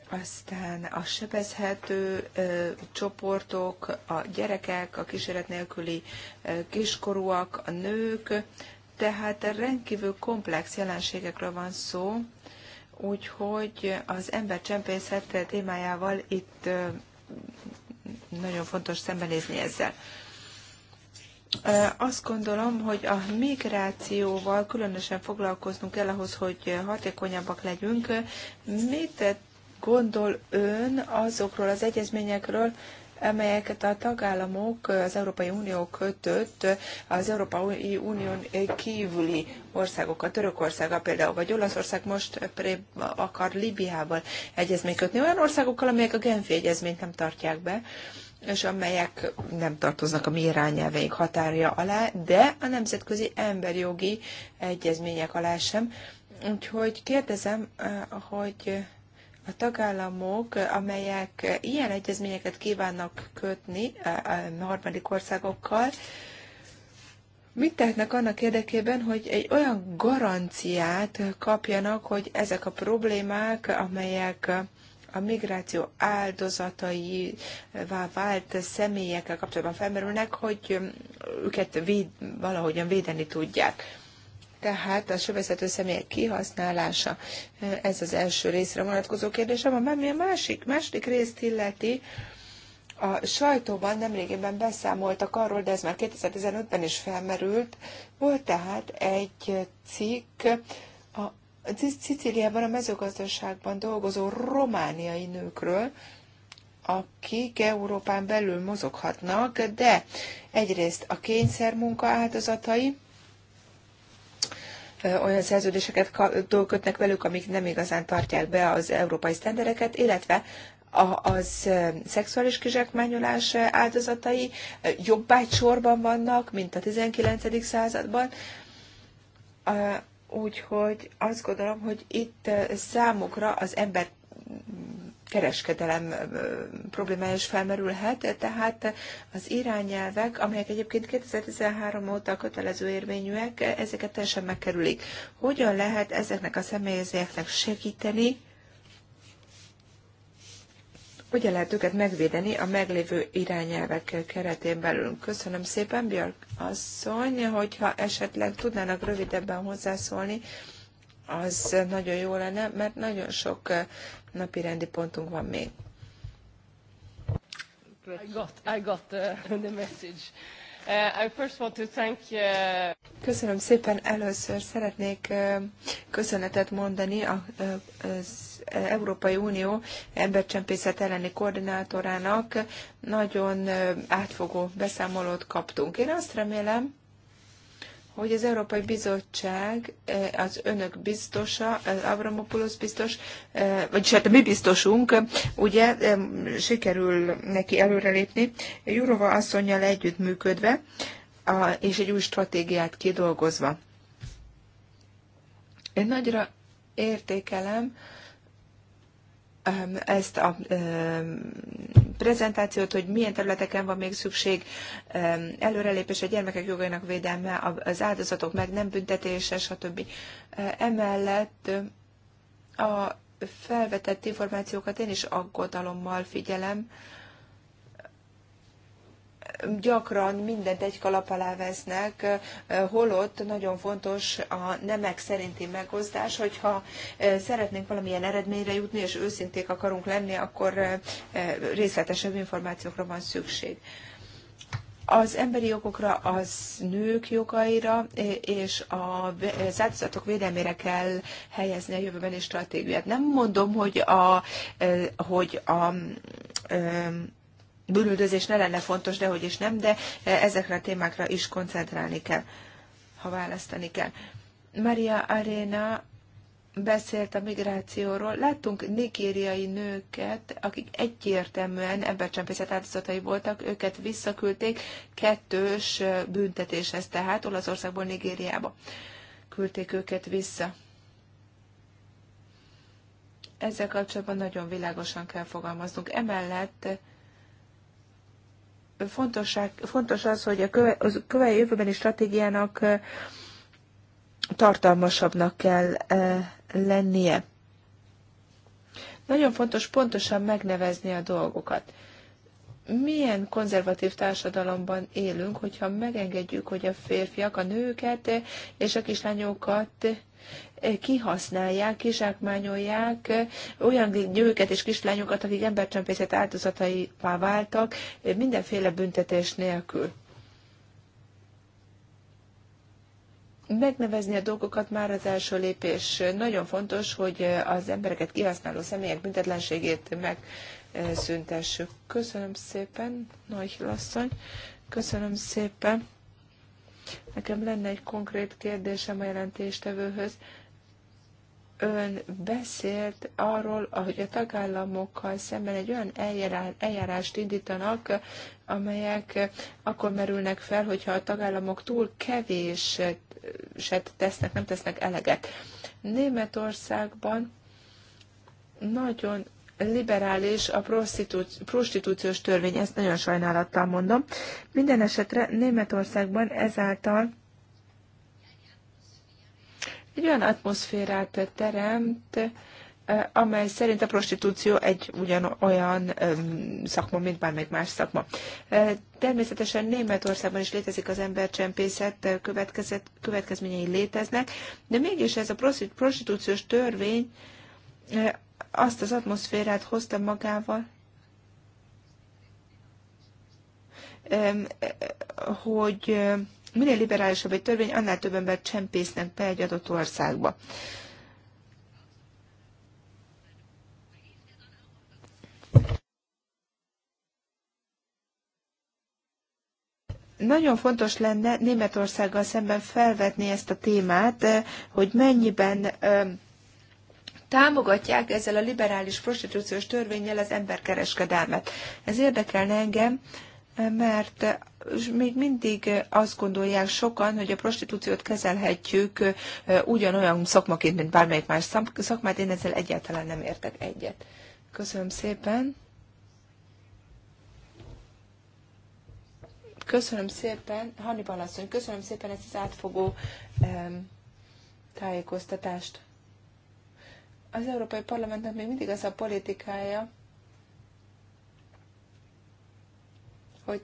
aztán a sebezhető ö, csoportok, a gyerekek, a kísérlet nélküli ö, kiskorúak, a nők, tehát rendkívül komplex jelenségekről van szó, Úgyhogy az csempészet témájával itt nagyon fontos szembenézni ezzel. Azt gondolom, hogy a migrációval különösen foglalkoznunk kell ahhoz, hogy hatékonyabbak legyünk. Mit gondol ön azokról az egyezményekről, amelyeket a tagállamok az Európai Unió kötött az Európai Unión kívüli országokkal, Törökországgal például, vagy Olaszország most akar Libiával egyezményt kötni, olyan országokkal, amelyek a Genfi egyezményt nem tartják be és amelyek nem tartoznak a mi irányelveink határja alá, de a nemzetközi emberjogi egyezmények alá sem. Úgyhogy kérdezem, eh, hogy a tagállamok, amelyek ilyen egyezményeket kívánnak kötni a harmadik országokkal, mit tehetnek annak érdekében, hogy egy olyan garanciát kapjanak, hogy ezek a problémák, amelyek a migráció áldozataivá vált személyekkel kapcsolatban felmerülnek, hogy őket véd, valahogyan védeni tudják tehát a sebezhető személyek kihasználása, eh, ez az első részre vonatkozó kérdésem, amely a másik, másik részt illeti, a sajtóban nemrégében beszámoltak arról, de ez már 2015-ben is felmerült, volt tehát egy cikk, a Szicíliában a mezőgazdaságban dolgozó romániai nőkről, akik Európán belül mozoghatnak, de egyrészt a munka áldozatai, olyan szerződéseket kötnek velük, amik nem igazán tartják be az európai sztendereket, illetve a, az szexuális kizsákmányolás áldozatai jobbá sorban vannak, mint a 19. században. Úgyhogy azt gondolom, hogy itt számukra az ember kereskedelem problémája is felmerülhet, tehát az irányelvek, amelyek egyébként 2013 óta kötelező érvényűek, ezeket teljesen megkerülik. Hogyan lehet ezeknek a személyzéknek segíteni, hogyan lehet őket megvédeni a meglévő irányelvek keretén belül. Köszönöm szépen, Björk asszony, hogyha esetleg tudnának rövidebben hozzászólni, az nagyon jó lenne, mert nagyon sok eh, napi rendi pontunk van még. I got, I got the, eh, the message. Uh, I first want to thank, uh... Köszönöm szépen. Először szeretnék köszönetet mondani az Európai Unió embercsempészet elleni koordinátorának. Nagyon átfogó beszámolót kaptunk. Én azt remélem, hogy az Európai Bizottság, eh, az önök biztosa, eh, Avramopoulos biztos, eh, vagyis hát a mi biztosunk, ugye sikerül neki előrelépni, Jurova asszonyjal együttműködve, és egy új stratégiát kidolgozva. Én nagyra értékelem ezt a prezentációt, hogy milyen területeken van még szükség előrelépés a gyermekek jogainak védelme, az áldozatok meg nem büntetése, stb. Emellett a felvetett információkat én is aggodalommal figyelem, gyakran mindent egy kalap alá vesznek, holott nagyon fontos a nemek szerinti megosztás, hogyha szeretnénk valamilyen eredményre jutni, és őszinték akarunk lenni, akkor részletesebb információkra van szükség az emberi jogokra, az nők jogaira és a áldozatok védelmére kell helyezni a jövőbeni stratégiát. Nem mondom, hogy a, hogy a bűnüldözés ne lenne fontos, de hogy is nem, de e, ezekre a témákra is koncentrálni kell, ha választani kell. Maria Arena beszélt a migrációról. Láttunk nigériai nőket, akik egyértelműen embercsempészet áldozatai voltak, őket visszaküldték kettős e, büntetéshez, tehát Olaszországból Nigériába küldték őket vissza. Ezzel kapcsolatban nagyon világosan kell fogalmaznunk. Emellett fontosság, fontos az, hogy a köve, az jövőbeni stratégiának tartalmasabbnak kell lennie. Nagyon fontos pontosan megnevezni a dolgokat milyen konzervatív társadalomban élünk, hogyha megengedjük, hogy a férfiak a nőket és a kislányokat kihasználják, kizsákmányolják olyan nőket és kislányokat, akik embercsempészet áldozataivá váltak, mindenféle büntetés nélkül. megnevezni a dolgokat már az első lépés. Nagyon fontos, hogy az embereket kihasználó személyek büntetlenségét meg szüntessük. Köszönöm szépen, Nagy Lasszony. Köszönöm szépen. Nekem lenne egy konkrét kérdésem a jelentéstevőhöz. Ön beszélt arról, hogy a tagállamokkal szemben egy olyan eljárást indítanak, amelyek akkor merülnek fel, hogyha a tagállamok túl kevéset tesznek, nem tesznek eleget. Németországban nagyon liberális a prostitú- prostitúciós törvény, ezt nagyon sajnálattal mondom. Minden esetre Németországban ezáltal egy olyan atmoszférát teremt, eh, amely szerint a prostitúció egy ugyanolyan eh, szakma, mint bármelyik más szakma. Eh, természetesen Németországban is létezik az embercsempészet, következményei léteznek, de mégis ez a prostitúciós törvény azt az atmoszférát hozta magával, hogy minél liberálisabb egy törvény, annál több ember csempésznek be egy adott országba. Nagyon fontos lenne Németországgal szemben felvetni ezt a témát, hogy mennyiben támogatják ezzel a liberális prostitúciós törvényel az emberkereskedelmet. Ez érdekelne engem, mert még mindig azt gondolják sokan, hogy a prostitúciót kezelhetjük ugyanolyan szakmaként, mint bármelyik más szakmát. Én ezzel egyáltalán nem értek egyet. Köszönöm szépen. Köszönöm szépen, Hannibal asszony, köszönöm szépen ezt az átfogó tájékoztatást az Európai Parlamentnek még mindig az a politikája, hogy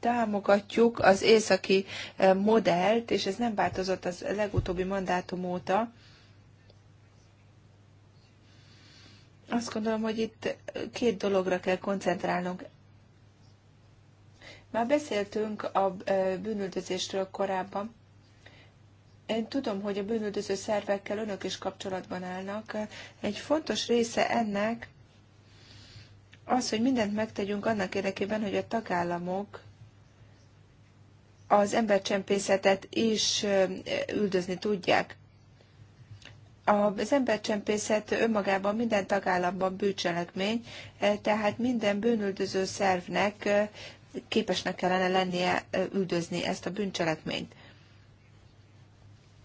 támogatjuk az északi eh, modellt, és ez nem változott az legutóbbi mandátum óta. Azt gondolom, hogy itt két dologra kell koncentrálnunk. Már beszéltünk a eh, bűnöldözésről korábban. Én tudom, hogy a bűnöldöző szervekkel önök is kapcsolatban állnak. Egy fontos része ennek az, hogy mindent megtegyünk annak érdekében, hogy a tagállamok az embercsempészetet is üldözni tudják. Az embercsempészet önmagában minden tagállamban bűncselekmény, tehát minden bűnöldöző szervnek képesnek kellene lennie üldözni ezt a bűncselekményt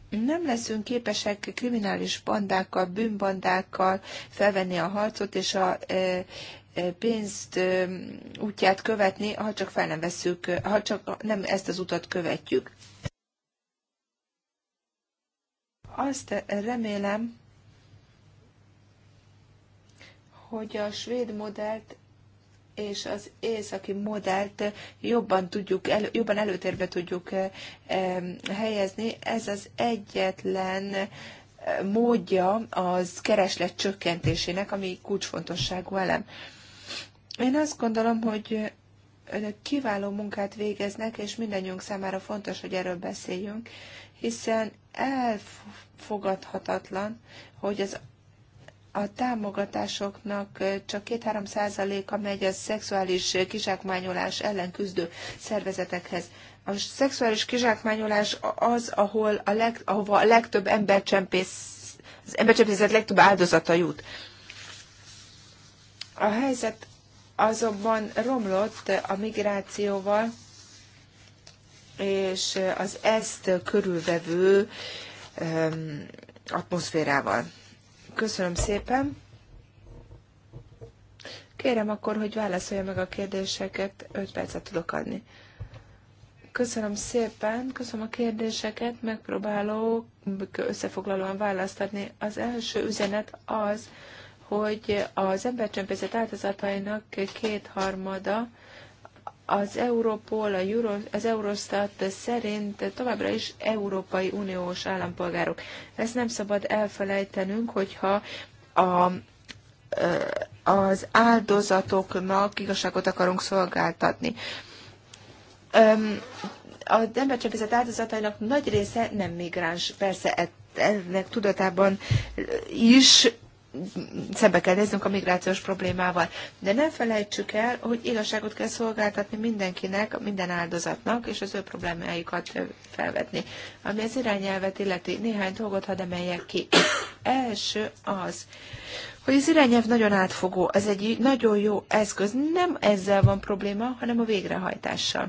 nem leszünk képesek kriminális bandákkal, bűnbandákkal felvenni a harcot és a e, e, pénzt e, útját követni, ha csak fel nem veszük, ha csak nem ezt az utat követjük. Azt remélem, hogy a svéd modellt és az északi modellt jobban, tudjuk, elő, jobban előtérbe tudjuk eh, helyezni. Ez az egyetlen eh, módja az kereslet csökkentésének, ami kulcsfontosságú elem. Én azt gondolom, hogy önök kiváló munkát végeznek, és mindannyiunk számára fontos, hogy erről beszéljünk, hiszen elfogadhatatlan, hogy az a támogatásoknak csak 2-3 százaléka megy a szexuális kizsákmányolás ellen küzdő szervezetekhez. A szexuális kizsákmányolás az, ahol a leg, ahova a legtöbb embercsempész, az embercsempészet legtöbb áldozata jut. A helyzet azonban romlott a migrációval, és az ezt körülvevő um, atmoszférával. Köszönöm szépen. Kérem akkor, hogy válaszolja meg a kérdéseket, 5 percet tudok adni. Köszönöm szépen, köszönöm a kérdéseket, megpróbálok összefoglalóan választ adni. Az első üzenet az, hogy az embercsempészet áldozatainak kétharmada az Europol, a Euro, az Eurostat szerint továbbra is Európai Uniós állampolgárok. Ezt nem szabad elfelejtenünk, hogyha a az áldozatoknak igazságot akarunk szolgáltatni. A embercsempészet áldozatainak nagy része nem migráns, persze e- ennek tudatában is szembe kell néznünk a migrációs problémával. De nem felejtsük el, hogy igazságot kell szolgáltatni mindenkinek, minden áldozatnak, és az ő problémáikat felvetni. Ami az irányelvet illeti, néhány dolgot hadd emeljek ki. Első az, hogy az irányelv nagyon átfogó, ez egy nagyon jó eszköz, nem ezzel van probléma, hanem a végrehajtással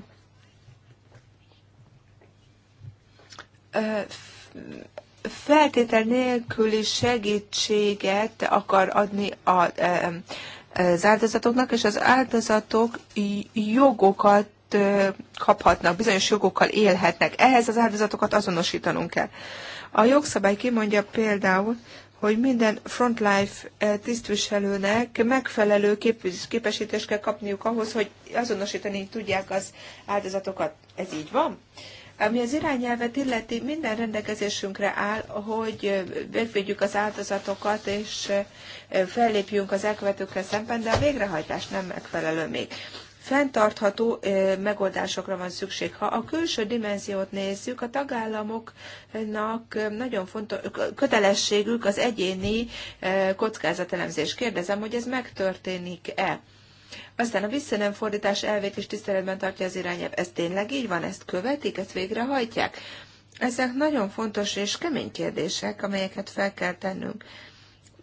feltétel nélküli segítséget akar adni a, e, e, az áldozatoknak, és az áldozatok jogokat e, kaphatnak, bizonyos jogokkal élhetnek. Ehhez az áldozatokat azonosítanunk kell. A jogszabály kimondja például, hogy minden frontlife tisztviselőnek megfelelő képesítést kell kapniuk ahhoz, hogy azonosítani tudják az áldozatokat. Ez így van? Uh, ami az irányelvet illeti, minden rendelkezésünkre áll, hogy megvédjük az áldozatokat, és fellépjünk az elkövetőkkel szemben, de a végrehajtás nem megfelelő még. Fentartható megoldásokra van szükség. Ha a külső dimenziót nézzük, a tagállamoknak nagyon fontos kötelességük az egyéni kockázatelemzés. Kérdezem, hogy ez megtörténik-e? Aztán a visszanem fordítás elvét is tiszteletben tartja az irányelv. Ez tényleg így van? Ezt követik? Ezt végrehajtják? Ezek nagyon fontos és kemény kérdések, amelyeket fel kell tennünk.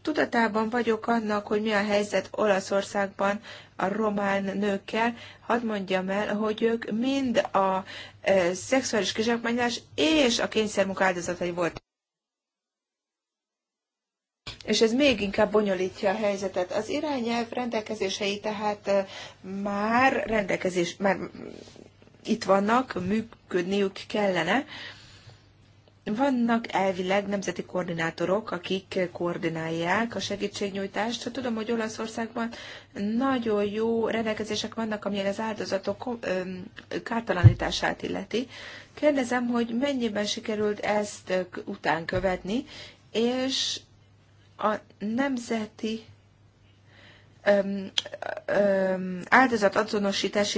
Tudatában vagyok annak, hogy mi a helyzet Olaszországban a román nőkkel. Hadd mondjam el, hogy ők mind a e, szexuális kizsákmányás és a kényszermunk áldozatai voltak és ez még inkább bonyolítja a helyzetet. Az irányelv rendelkezései tehát már rendelkezés, már itt vannak, működniük kellene. Vannak elvileg nemzeti koordinátorok, akik koordinálják a segítségnyújtást. Tudom, hogy Olaszországban nagyon jó rendelkezések vannak, amilyen az áldozatok kártalanítását illeti. Kérdezem, hogy mennyiben sikerült ezt után követni, és a nemzeti öm, öm,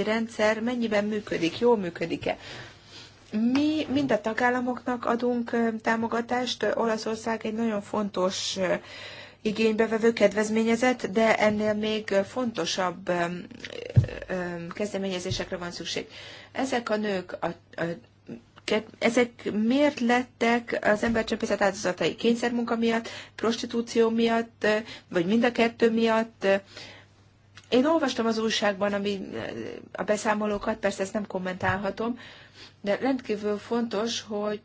rendszer mennyiben működik, jól működik-e. Mi mind a tagállamoknak adunk támogatást, Olaszország egy nagyon fontos igénybevevő kedvezményezett, de ennél még fontosabb kezdeményezésekre van szükség. Ezek a nők a, a, ezek miért lettek az embercsempészet áldozatai? Kényszermunka miatt, prostitúció miatt, vagy mind a kettő miatt? Én olvastam az újságban ami, a beszámolókat, persze ezt nem kommentálhatom, de rendkívül fontos, hogy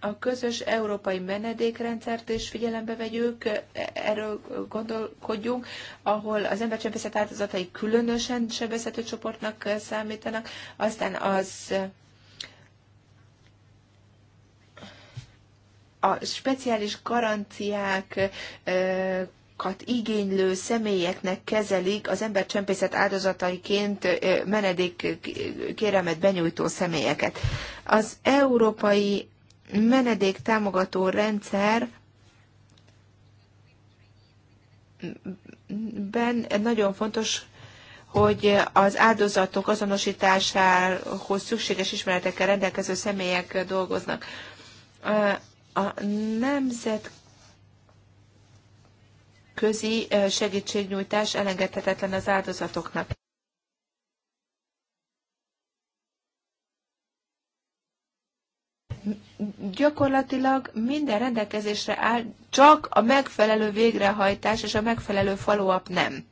a közös európai menedékrendszert is figyelembe vegyük, erről gondolkodjunk, ahol az embercsempészet áldozatai különösen sebezhető csoportnak számítanak, aztán az a speciális garanciák igénylő személyeknek kezelik az embercsempészet áldozataiként menedék kérelmet benyújtó személyeket. Az európai menedék támogató rendszer ben nagyon fontos, hogy az áldozatok azonosításához szükséges ismeretekkel rendelkező személyek dolgoznak a nemzet közi segítségnyújtás elengedhetetlen az áldozatoknak. Gyakorlatilag minden rendelkezésre áll, csak a megfelelő végrehajtás és a megfelelő follow-up nem.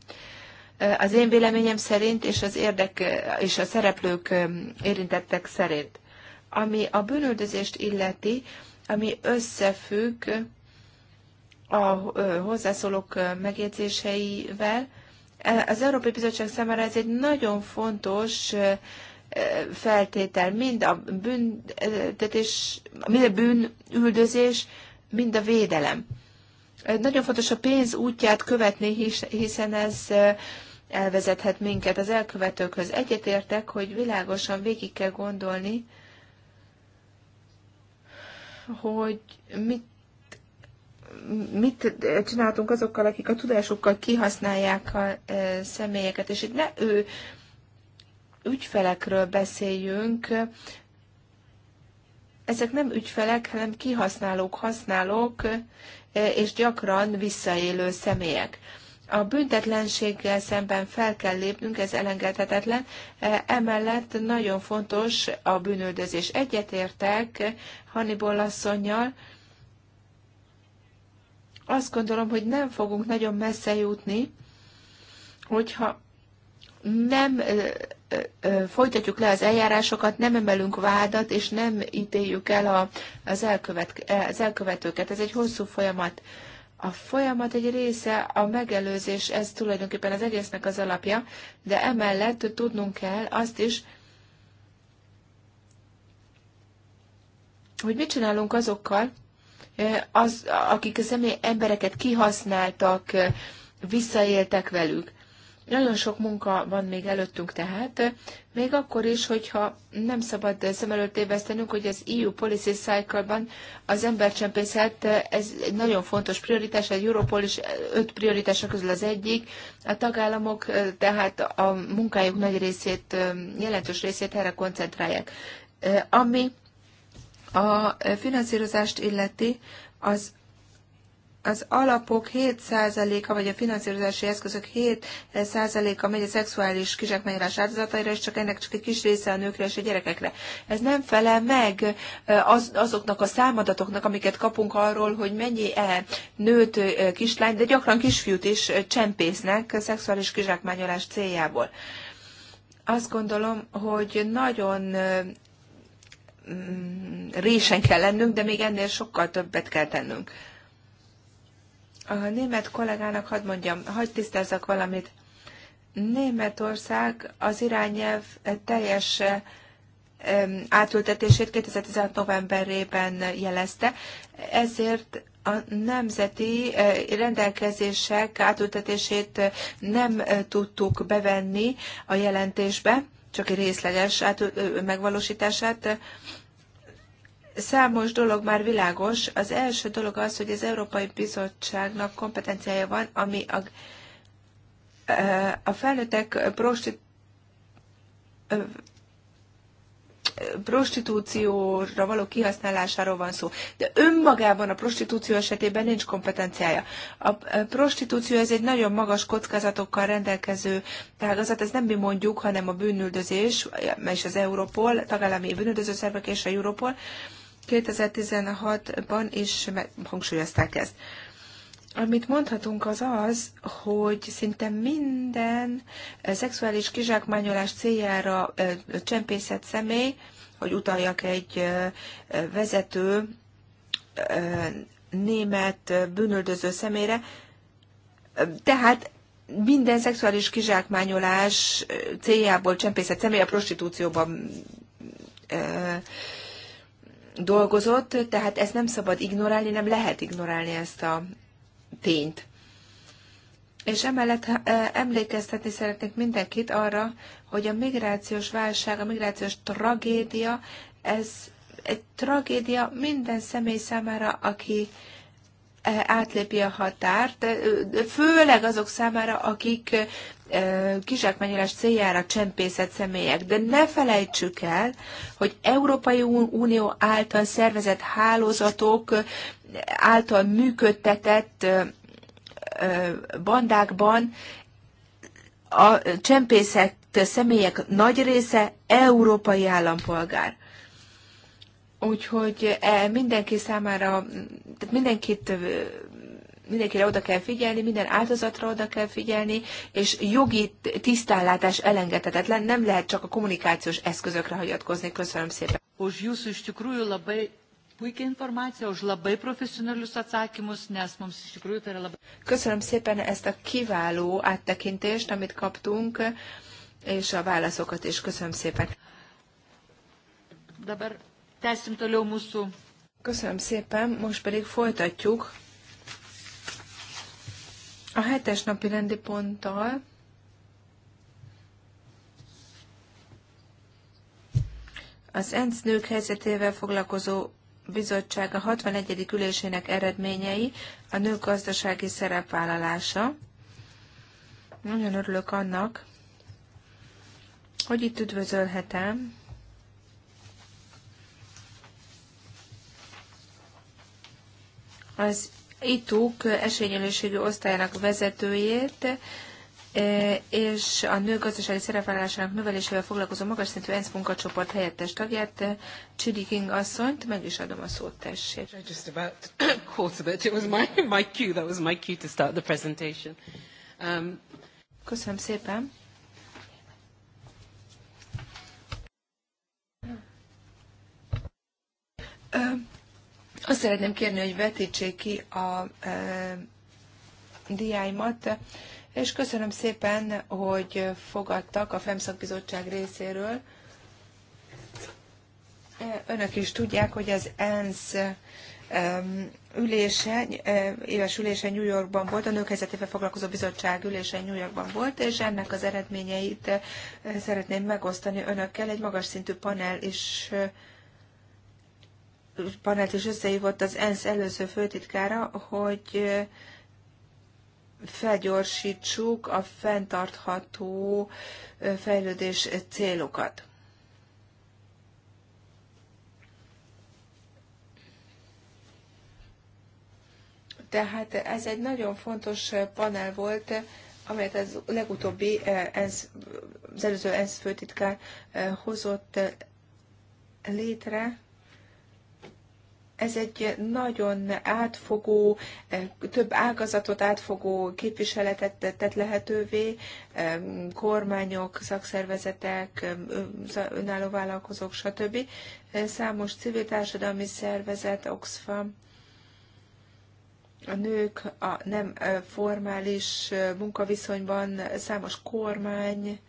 Az én véleményem szerint és az érdek és a szereplők érintettek szerint. Ami a bűnöldözést illeti, ami összefügg a hozzászólók megjegyzéseivel. E, az Európai Bizottság számára ez egy nagyon fontos feltétel, mind a büntetés, mind a bűnüldözés, mind a védelem. Nagyon fontos a pénz útját követni, hiszen ez elvezethet minket az elkövetőkhöz. Egyetértek, hogy világosan végig kell gondolni, hogy mit mit csináltunk azokkal, akik a tudásukkal kihasználják a e, személyeket, és itt ne ő ügyfelekről beszéljünk, ezek nem ügyfelek, hanem kihasználók, használók, e, és gyakran visszaélő személyek. A büntetlenséggel szemben fel kell lépnünk, ez elengedhetetlen. E, emellett nagyon fontos a bűnöldözés. Egyetértek Hannibal asszonynal, azt gondolom, hogy nem fogunk nagyon messze jutni, hogyha nem e, e, folytatjuk le az eljárásokat, nem emelünk vádat, és nem ítéljük el a, az, elkövet, az elkövetőket. Ez egy hosszú folyamat. A folyamat egy része, a megelőzés, ez tulajdonképpen az egésznek az alapja, de emellett tudnunk kell azt is, hogy mit csinálunk azokkal, az, akik személy embereket kihasználtak, visszaéltek velük. Nagyon sok munka van még előttünk tehát, még akkor is, hogyha nem szabad szem előtt évesztenünk, hogy az EU Policy Cycle-ban az embercsempészet, ez egy nagyon fontos prioritás, egy Europol is öt prioritása közül az egyik. A tagállamok tehát a munkájuk nagy részét, jelentős részét erre koncentrálják. Ami a finanszírozást illeti, az az alapok 7%-a, vagy a finanszírozási eszközök 7%-a megy a szexuális kizsákmányolás áldozataira, és csak ennek csak egy kis része a nőkre és a gyerekekre. Ez nem felel meg az, azoknak a számadatoknak, amiket kapunk arról, hogy mennyi -e nőt, kislány, de gyakran kisfiút is csempésznek szexuális kizsákmányolás céljából. Azt gondolom, hogy nagyon mm, résen kell lennünk, de még ennél sokkal többet kell tennünk. A német kollégának hadd mondjam, hadd tisztázzak valamit. Németország az irányelv teljes átültetését 2016 novemberében jelezte, ezért a nemzeti eh, rendelkezések átültetését eh, nem eh, tudtuk bevenni a jelentésbe, csak egy részleges megvalósítását Számos dolog már világos. Az első dolog az, hogy az Európai Bizottságnak kompetenciája van, ami a, eh, a felnőttek prostit, eh, prostitúcióra való kihasználásáról van szó. De önmagában a prostitúció esetében nincs kompetenciája. A eh, prostitúció ez egy nagyon magas kockázatokkal rendelkező tágazat, ez nem mi mondjuk, hanem a bűnüldözés, és az Európol, tagállami bűnüldöző szervek és a Európol. 2016-ban is hangsúlyozták ezt. Amit mondhatunk az az, hogy szinte minden eh, szexuális kizsákmányolás céljára eh, csempészett személy, hogy utaljak egy eh, vezető német bűnöldöző szemére, tehát minden szexuális kizsákmányolás céljából csempészett személy a prostitúcióban dolgozott, tehát ezt nem szabad ignorálni, nem lehet ignorálni ezt a tényt. És emellett e, emlékeztetni szeretnék mindenkit arra, hogy a migrációs válság, a migrációs tragédia, ez egy tragédia minden személy számára, aki e, átlépi a határt, e, főleg azok számára, akik kizsákmányolás céljára csempészett személyek. De ne felejtsük el, hogy Európai Unió által szervezett hálózatok által működtetett bandákban a csempészett személyek nagy része európai állampolgár. Úgyhogy mindenki számára, tehát mindenkit mindenkire oda kell figyelni, minden áldozatra oda kell figyelni, és jogi tisztállátás elengedhetetlen, nem lehet csak a kommunikációs eszközökre hagyatkozni. Köszönöm szépen. Už jūsų iš tikrųjų labai puikia informacija, už labai profesionalius atsakymus, nes mums iš tikrųjų tai yra labai... Köszönöm szépen ezt a kiváló áttekintést, amit kaptunk, és a válaszokat is. Köszönöm szépen. Dabar tęsim toliau mūsų. Köszönöm szépen, most pedig folytatjuk a hetes napi rendi ponttal az ENSZ nők helyzetével foglalkozó bizottság a 61. ülésének eredményei a nők gazdasági szerepvállalása. Nagyon örülök annak, hogy itt üdvözölhetem az ITUK esényelőségű osztályának vezetőjét, e, és a nők gazdasági szerepvállásának növelésével foglalkozó magas szintű ENSZ munkacsoport helyettes tagját, e, Csidi King asszonyt, meg is adom a szót, tessék. Just about caught of it. It was my, my cue, that was my cue to start the presentation. Um... Köszönöm szépen. Um, azt szeretném kérni, hogy vetítsék ki a e, diáimat, és köszönöm szépen, hogy fogadtak a Femszakbizottság részéről. E, önök is tudják, hogy az ENSZ e, ülése, e, éves ülése New Yorkban volt, a nők helyzetével foglalkozó bizottság ülése New Yorkban volt, és ennek az eredményeit szeretném megosztani önökkel. Egy magas szintű panel is panelt is összehívott az ENSZ előző főtitkára, hogy felgyorsítsuk a fenntartható fejlődés célokat. Tehát ez egy nagyon fontos panel volt, amelyet az legutóbbi ENSZ, az előző ENSZ főtitkár hozott létre. Ez egy nagyon átfogó, eh, több ágazatot átfogó képviseletet tett lehetővé, kormányok, szakszervezetek, önálló vállalkozók, stb. Eh, számos civil társadalmi szervezet, Oxfam, a nők a nem eh, formális munkaviszonyban, számos kormány,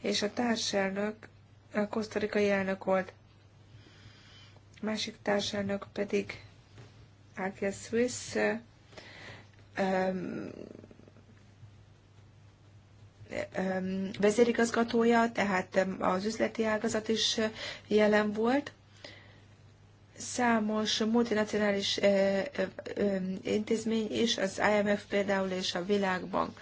és a társelnök a kosztorikai elnök volt másik társának pedig Ágia Swiss um, vezérigazgatója, tehát az üzleti ágazat is jelen volt. Számos multinacionális intézmény is, az IMF például és a Világbank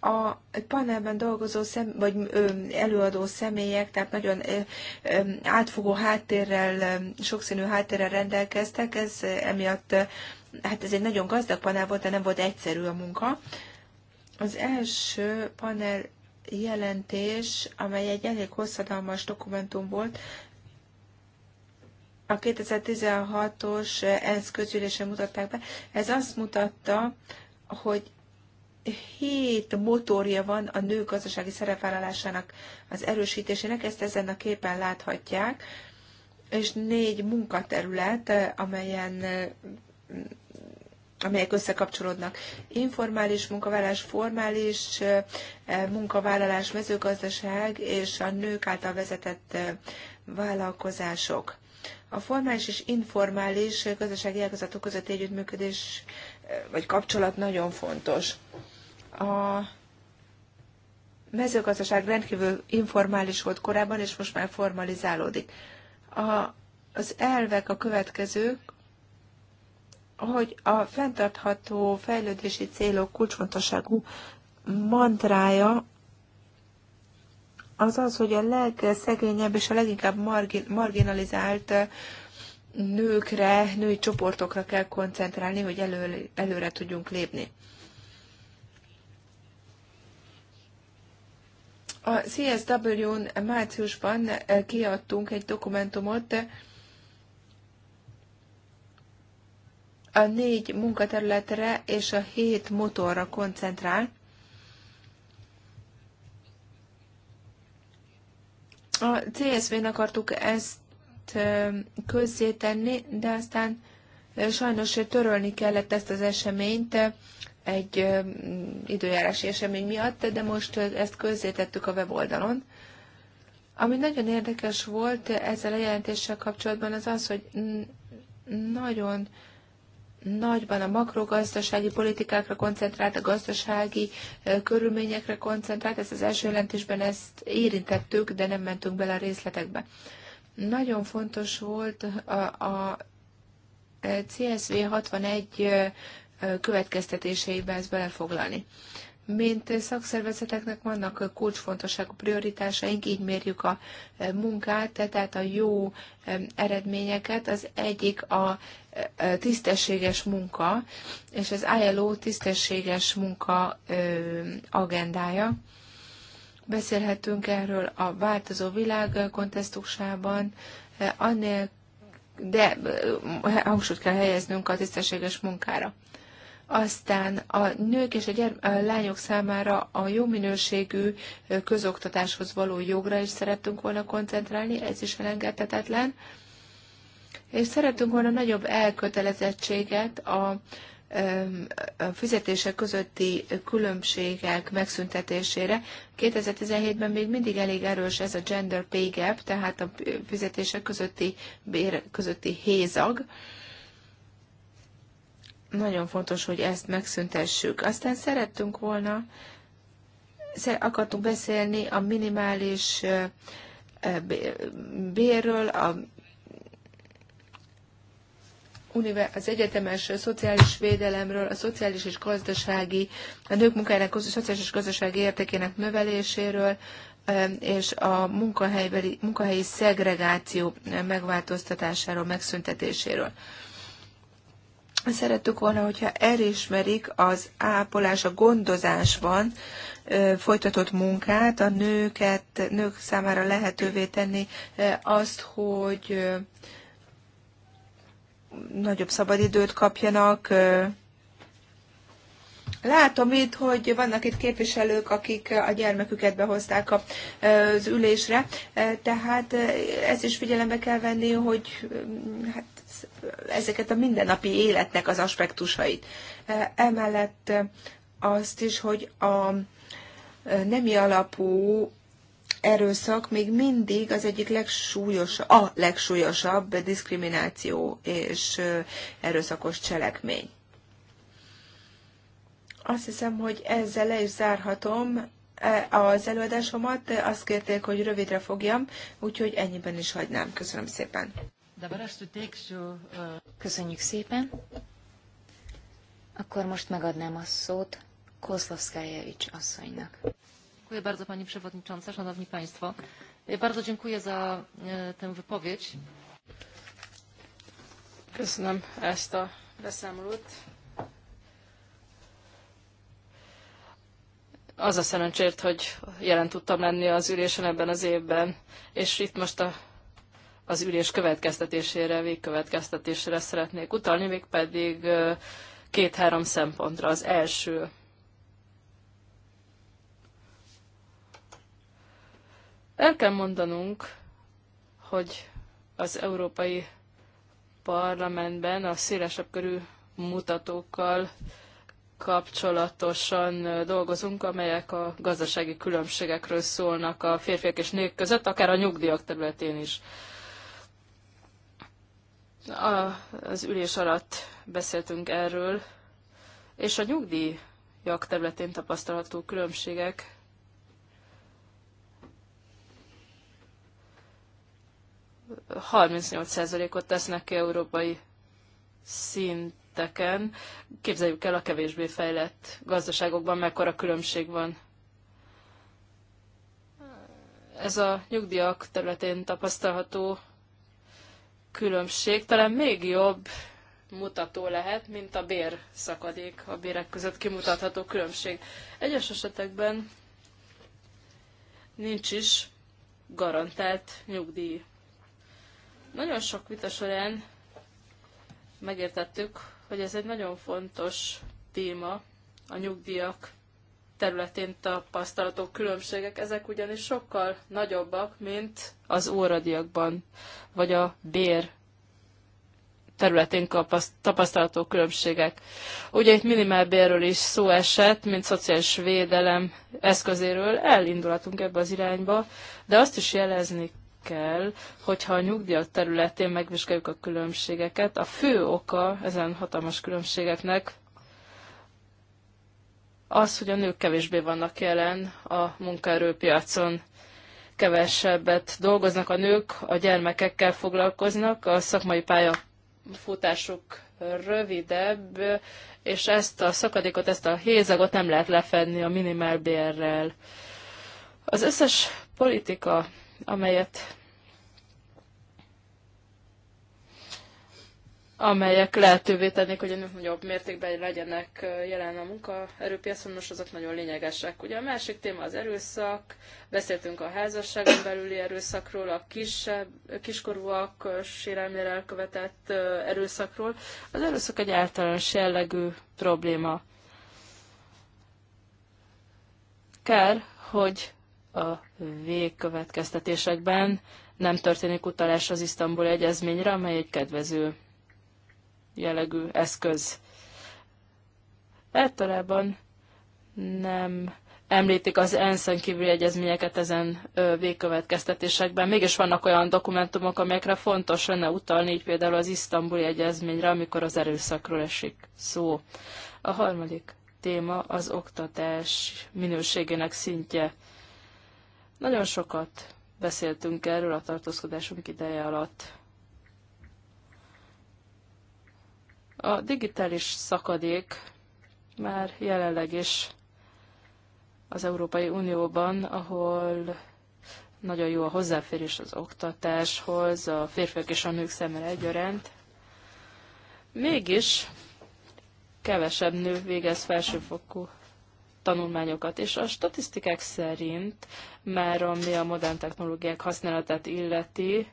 a panelben dolgozó szem, vagy ö, előadó személyek, tehát nagyon ö, ö, átfogó háttérrel, sokszínű háttérrel rendelkeztek, ez emiatt, hát ez egy nagyon gazdag panel volt, de nem volt egyszerű a munka. Az első panel jelentés, amely egy elég hosszadalmas dokumentum volt, a 2016-os ENSZ közülésen mutatták be. Ez azt mutatta, hogy hét motorja van a nők gazdasági szerepvállalásának az erősítésének, ezt ezen a képen láthatják, és négy munkaterület, amelyen amelyek összekapcsolódnak. Informális munkavállalás, formális eh, munkavállalás, mezőgazdaság és a nők által vezetett eh, vállalkozások. A formális és informális gazdasági ágazatok között együttműködés eh, vagy kapcsolat nagyon fontos. A mezőgazdaság rendkívül informális volt korábban, és most már formalizálódik. A, az elvek a következők, hogy a fenntartható fejlődési célok kulcsfontosságú mantrája az az, hogy a legszegényebb és a leginkább marginalizált eh, nőkre, női csoportokra kell koncentrálni, hogy elő, előre tudjunk lépni. A CSW-n márciusban eh, kiadtunk egy dokumentumot, eh, a négy munkaterületre és a hét motorra koncentrál. A CSV-n akartuk ezt eh, közzétenni, de aztán sajnos törölni kellett ezt az eseményt, egy időjárási esemény miatt, de most ezt közzétettük a weboldalon. Ami nagyon érdekes volt ezzel a jelentéssel kapcsolatban, az az, hogy nagyon nagyban a makrogazdasági politikákra koncentrált, a gazdasági körülményekre koncentrált. Ezt az első jelentésben ezt érintettük, de nem mentünk bele a részletekbe. Nagyon fontos volt a, a CSV 61 következtetéseibe ezt belefoglalni. Mint szakszervezeteknek vannak kulcsfontosságú prioritásaink, így mérjük a munkát, tehát a jó eredményeket. Az egyik a tisztességes munka, és az ILO tisztességes munka agendája. Beszélhetünk erről a változó világ kontextusában, annél, de hangsúlyt kell helyeznünk a tisztességes munkára. Aztán a nők és a, gyerm- a lányok számára a jó minőségű közoktatáshoz való jogra is szerettünk volna koncentrálni, ez is elengedhetetlen. És szerettünk volna nagyobb elkötelezettséget a, a fizetések közötti különbségek megszüntetésére. 2017-ben még mindig elég erős ez a gender pay gap, tehát a fizetések közötti, bér közötti hézag nagyon fontos, hogy ezt megszüntessük. Aztán szerettünk volna, akartunk beszélni a minimális bérről, a az egyetemes szociális védelemről, a szociális és gazdasági, a nők munkájának a szociális és gazdasági értékének növeléséről, és a munkahelyi, munkahelyi szegregáció megváltoztatásáról, megszüntetéséről. Szerettük volna, hogyha elismerik az ápolás, a gondozásban folytatott munkát, a nőket, nők számára lehetővé tenni azt, hogy nagyobb szabadidőt kapjanak. Látom itt, hogy vannak itt képviselők, akik a gyermeküket behozták az ülésre, tehát ezt is figyelembe kell venni, hogy hát ezeket a mindennapi életnek az aspektusait. E, emellett azt is, hogy a nemi alapú erőszak még mindig az egyik legsúlyosabb, a legsúlyosabb diszkrimináció és erőszakos cselekmény. Azt hiszem, hogy ezzel le is zárhatom e, az előadásomat. Azt kérték, hogy rövidre fogjam, úgyhogy ennyiben is hagynám. Köszönöm szépen. Köszönjük szépen. Akkor most megadnám a szót Koszlovszkájevics asszonynak. Dziękuję bardzo Pani Przewodnicząca, Szanowni Państwo. Bardzo dziękuję za e, tę wypowiedź. Köszönöm ezt a beszámolót. Az a szerencsért, hogy jelen tudtam lenni az ülésen ebben az évben, és itt most a az ülés következtetésére, végkövetkeztetésére szeretnék utalni, mégpedig két-három szempontra. Az első, el kell mondanunk, hogy az Európai Parlamentben a szélesebb körű mutatókkal kapcsolatosan dolgozunk, amelyek a gazdasági különbségekről szólnak a férfiak és nők között, akár a nyugdíjak területén is. A, az ülés alatt beszéltünk erről, és a nyugdíjak területén tapasztalható különbségek ot tesznek ki európai szinteken. Képzeljük el a kevésbé fejlett gazdaságokban, mekkora különbség van. Ez a nyugdíjak területén tapasztalható különbség talán még jobb mutató lehet, mint a bér szakadék, a bérek között kimutatható különbség. Egyes esetekben nincs is garantált nyugdíj. Nagyon sok vita során megértettük, hogy ez egy nagyon fontos téma, a nyugdíjak területén tapasztalatok különbségek, ezek ugyanis sokkal nagyobbak, mint az óradiakban, vagy a bér területén tapasztalható különbségek. Ugye itt bérről is szó esett, mint szociális védelem eszközéről, elindulhatunk ebbe az irányba, de azt is jelezni kell, hogyha a nyugdíjak területén megvizsgáljuk a különbségeket, a fő oka ezen hatalmas különbségeknek az, hogy a nők kevésbé vannak jelen a munkaerőpiacon. Kevesebbet dolgoznak a nők, a gyermekekkel foglalkoznak, a szakmai pályafutásuk rövidebb, és ezt a szakadékot, ezt a hézagot nem lehet lefedni a minimálbérrel. Az összes politika, amelyet amelyek lehetővé tennék, hogy a nők nagyobb mértékben legyenek jelen a munkaerőpiacon, most azok nagyon lényegesek. Ugye a másik téma az erőszak, beszéltünk a házasságon belüli erőszakról, a kisebb, kiskorúak sérelmére elkövetett erőszakról. Az erőszak egy általános jellegű probléma. Kár, hogy a végkövetkeztetésekben nem történik utalás az isztambuli egyezményre, amely egy kedvező jellegű eszköz. Általában nem említik az ENSZ-en kívüli egyezményeket ezen végkövetkeztetésekben. Mégis vannak olyan dokumentumok, amelyekre fontos lenne utalni, így például az isztambuli egyezményre, amikor az erőszakról esik szó. A harmadik téma az oktatás minőségének szintje. Nagyon sokat beszéltünk erről a tartózkodásunk ideje alatt. A digitális szakadék már jelenleg is az Európai Unióban, ahol nagyon jó a hozzáférés az oktatáshoz, a férfiak és a nők szemre egyaránt. Mégis kevesebb nő végez felsőfokú tanulmányokat, és a statisztikák szerint már ami a modern technológiák használatát illeti,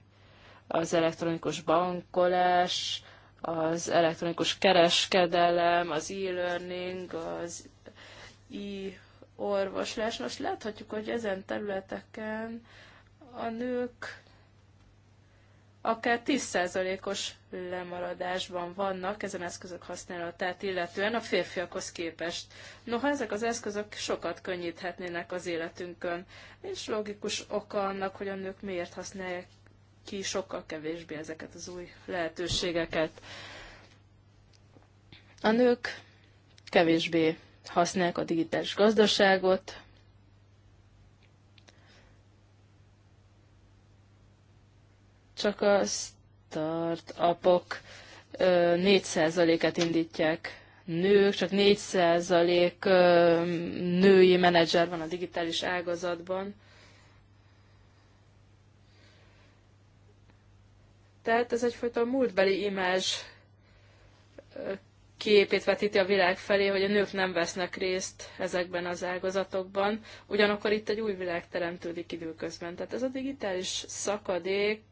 az elektronikus bankolás, az elektronikus kereskedelem, az e-learning, az e-orvoslás. Most láthatjuk, hogy ezen területeken a nők akár 10%-os lemaradásban vannak ezen eszközök használatát, illetően a férfiakhoz képest. Noha ezek az eszközök sokat könnyíthetnének az életünkön, és logikus oka annak, hogy a nők miért használják ki sokkal kevésbé ezeket az új lehetőségeket. A nők kevésbé használják a digitális gazdaságot, csak a startupok 4%-et indítják nők, csak 4% női menedzser van a digitális ágazatban. Tehát ez egyfajta múltbeli imázs képét vetíti a világ felé, hogy a nők nem vesznek részt ezekben az ágazatokban. Ugyanakkor itt egy új világ teremtődik időközben. Tehát ez a digitális szakadék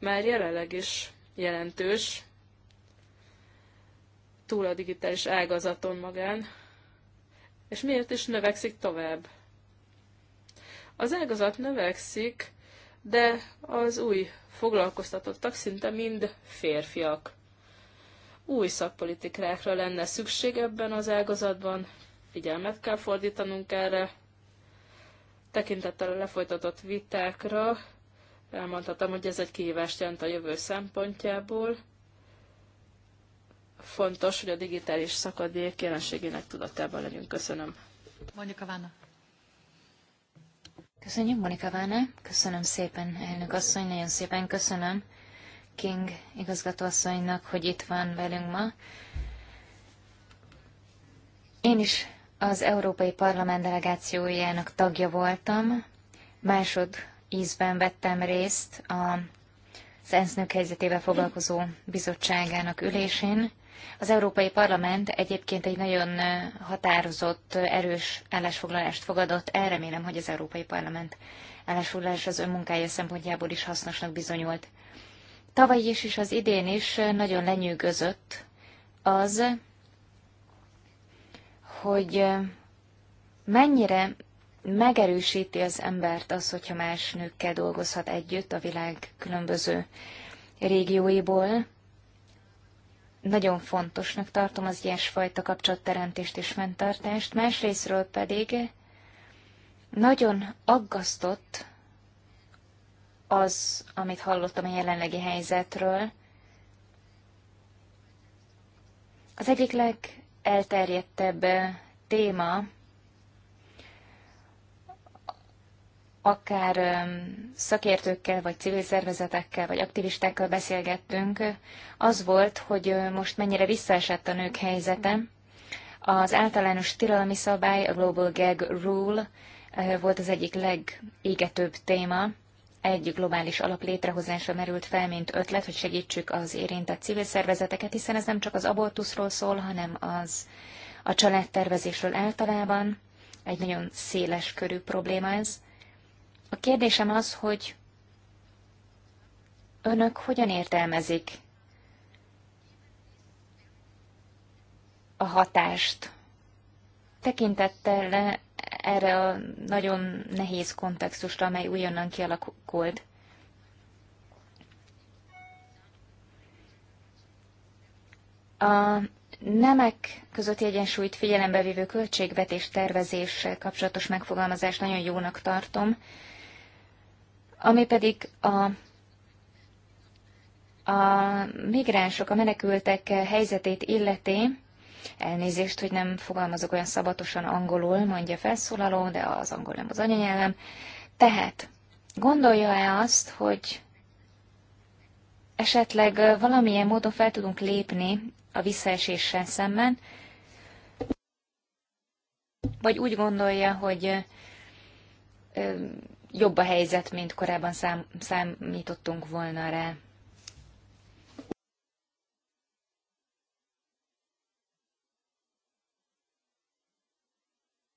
már jelenleg is jelentős, túl a digitális ágazaton magán. És miért is növekszik tovább? Az ágazat növekszik, de az új foglalkoztatottak szinte mind férfiak. Új szakpolitikákra lenne szükség ebben az ágazatban, figyelmet kell fordítanunk erre, tekintettel a lefolytatott vitákra, elmondhatom, hogy ez egy kihívást jelent a jövő szempontjából. Fontos, hogy a digitális szakadék jelenségének tudatában legyünk. Köszönöm. Mondjuk a vannak. Köszönjük, Monika Váne. Köszönöm szépen, elnök asszony, nagyon szépen köszönöm King igazgatóasszonynak, hogy itt van velünk ma. Én is az Európai Parlament delegációjának tagja voltam. Másod ízben vettem részt a az ENSZ nők helyzetével foglalkozó bizottságának ülésén. Az Európai Parlament egyébként egy nagyon határozott, erős állásfoglalást fogadott. El remélem, hogy az Európai Parlament állásfoglalás az önmunkája szempontjából is hasznosnak bizonyult. Tavaly is és az idén is nagyon lenyűgözött az, hogy mennyire megerősíti az embert az, hogyha más nőkkel dolgozhat együtt a világ különböző régióiból, nagyon fontosnak tartom az ilyesfajta kapcsolatteremtést és fenntartást, másrésztről pedig nagyon aggasztott az, amit hallottam a jelenlegi helyzetről. Az egyik legelterjedtebb téma akár szakértőkkel, vagy civil szervezetekkel, vagy aktivistákkal beszélgettünk, az volt, hogy most mennyire visszaesett a nők helyzete. Az általános tilalmi szabály, a Global Gag Rule volt az egyik legégetőbb téma. Egy globális alap létrehozása merült fel, mint ötlet, hogy segítsük az érintett civil szervezeteket, hiszen ez nem csak az abortuszról szól, hanem az a családtervezésről általában. Egy nagyon széles körű probléma ez. A kérdésem az, hogy önök hogyan értelmezik a hatást tekintettel erre a nagyon nehéz kontextusra, amely újonnan kialakult. A nemek közötti egyensúlyt figyelembe vévő költségvetés tervezéssel kapcsolatos megfogalmazást nagyon jónak tartom, ami pedig a a migránsok, a menekültek helyzetét illeti, elnézést, hogy nem fogalmazok olyan szabatosan angolul, mondja felszólaló, de az angol nem az anyanyelvem. Tehát, gondolja-e azt, hogy esetleg valamilyen módon fel tudunk lépni a visszaeséssel szemben, vagy úgy gondolja, hogy jobb a helyzet, mint korábban szám, számítottunk volna rá.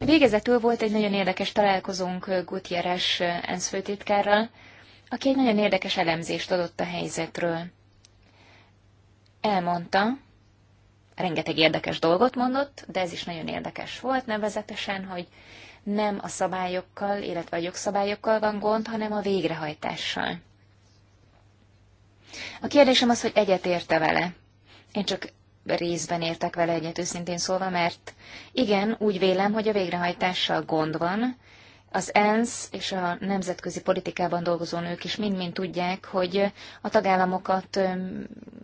Végezetül volt egy nagyon érdekes találkozónk Gutierrez ENSZ főtitkárral, aki egy nagyon érdekes elemzést adott a helyzetről. Elmondta, rengeteg érdekes dolgot mondott, de ez is nagyon érdekes volt, nevezetesen, hogy nem a szabályokkal, illetve a jogszabályokkal van gond, hanem a végrehajtással. A kérdésem az, hogy egyet érte vele. Én csak részben értek vele egyet, őszintén szólva, mert igen, úgy vélem, hogy a végrehajtással gond van, az ENSZ és a nemzetközi politikában dolgozó nők is mind-mind tudják, hogy a tagállamokat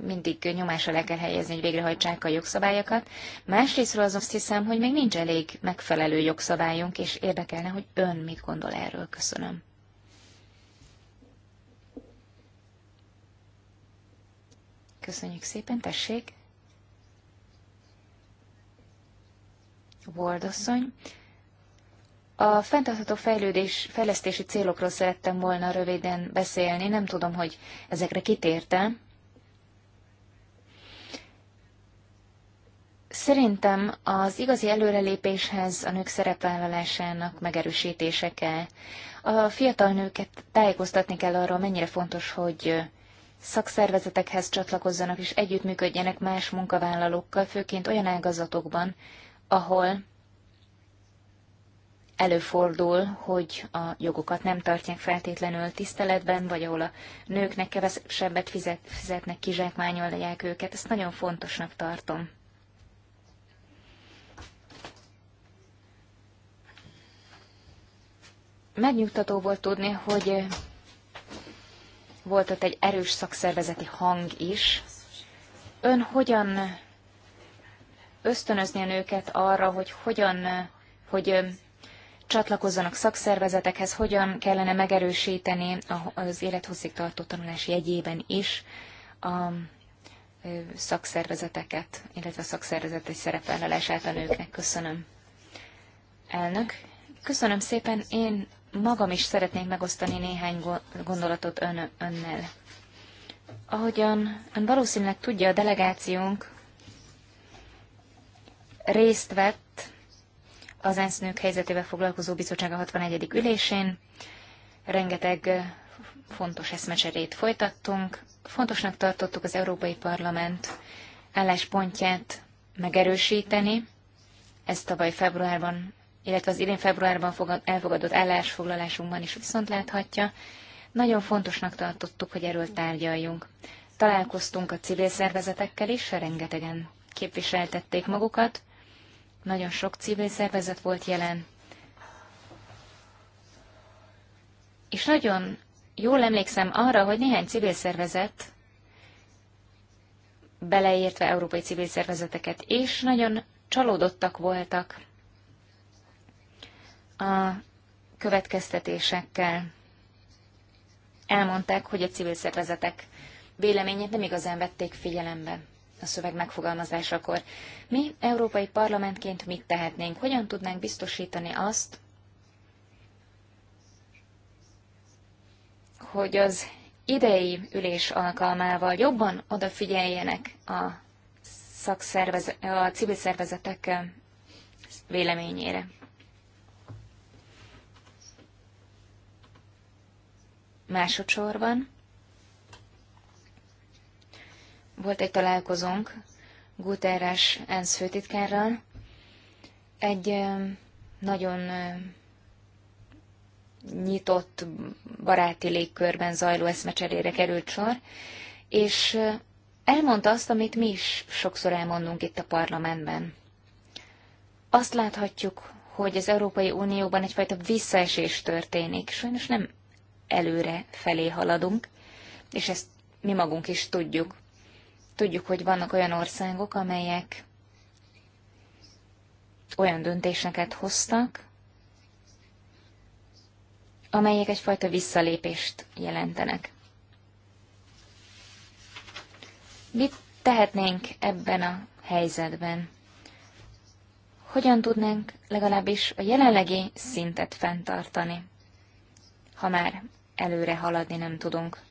mindig nyomás alá kell helyezni, hogy végrehajtsák a jogszabályokat. Másrésztről az azt hiszem, hogy még nincs elég megfelelő jogszabályunk, és érdekelne, hogy ön mit gondol erről. Köszönöm. Köszönjük szépen, tessék. Voldasszony. A fenntartható fejlődés, fejlesztési célokról szerettem volna röviden beszélni, nem tudom, hogy ezekre kitértem. Szerintem az igazi előrelépéshez a nők szerepvállalásának megerősítése kell. A fiatal nőket tájékoztatni kell arról, mennyire fontos, hogy szakszervezetekhez csatlakozzanak és együttműködjenek más munkavállalókkal, főként olyan ágazatokban, ahol előfordul, hogy a jogokat nem tartják feltétlenül tiszteletben, vagy ahol a nőknek kevesebbet fizet, fizetnek, kizsákmányolják őket. Ezt nagyon fontosnak tartom. Megnyugtató volt tudni, hogy volt ott egy erős szakszervezeti hang is. Ön hogyan ösztönözni a nőket arra, hogy hogyan, hogy csatlakozzanak szakszervezetekhez, hogyan kellene megerősíteni az élethosszig tartó tanulás jegyében is a szakszervezeteket, illetve a szakszervezeti szerepvállalását a nőknek. Köszönöm. Elnök, köszönöm szépen. Én magam is szeretnék megosztani néhány gondolatot ön, önnel. Ahogyan ön valószínűleg tudja, a delegációnk részt vett az ENSZ nők helyzetével foglalkozó bizottság a 61. ülésén. Rengeteg fontos eszmecserét folytattunk. Fontosnak tartottuk az Európai Parlament álláspontját megerősíteni. Ez tavaly februárban, illetve az idén februárban elfogadott állásfoglalásunkban is viszont láthatja. Nagyon fontosnak tartottuk, hogy erről tárgyaljunk. Találkoztunk a civil szervezetekkel is, rengetegen képviseltették magukat, nagyon sok civil szervezet volt jelen. És nagyon jól emlékszem arra, hogy néhány civil szervezet, beleértve európai civil szervezeteket és nagyon csalódottak voltak a következtetésekkel. Elmondták, hogy a civil szervezetek véleményét nem igazán vették figyelembe a szöveg megfogalmazásakor. Mi, Európai Parlamentként mit tehetnénk? Hogyan tudnánk biztosítani azt, hogy az idei ülés alkalmával jobban odafigyeljenek a, szakszervez, a civil szervezetek véleményére. Másodszorban Volt egy találkozónk Guterres ENSZ főtitkárral, egy nagyon nyitott baráti légkörben zajló eszmecserére került sor, és elmondta azt, amit mi is sokszor elmondunk itt a parlamentben. Azt láthatjuk, hogy az Európai Unióban egyfajta visszaesés történik, sajnos nem előre felé haladunk, és ezt mi magunk is tudjuk. Tudjuk, hogy vannak olyan országok, amelyek olyan döntéseket hoztak, amelyek egyfajta visszalépést jelentenek. Mit tehetnénk ebben a helyzetben? Hogyan tudnánk legalábbis a jelenlegi szintet fenntartani, ha már előre haladni nem tudunk?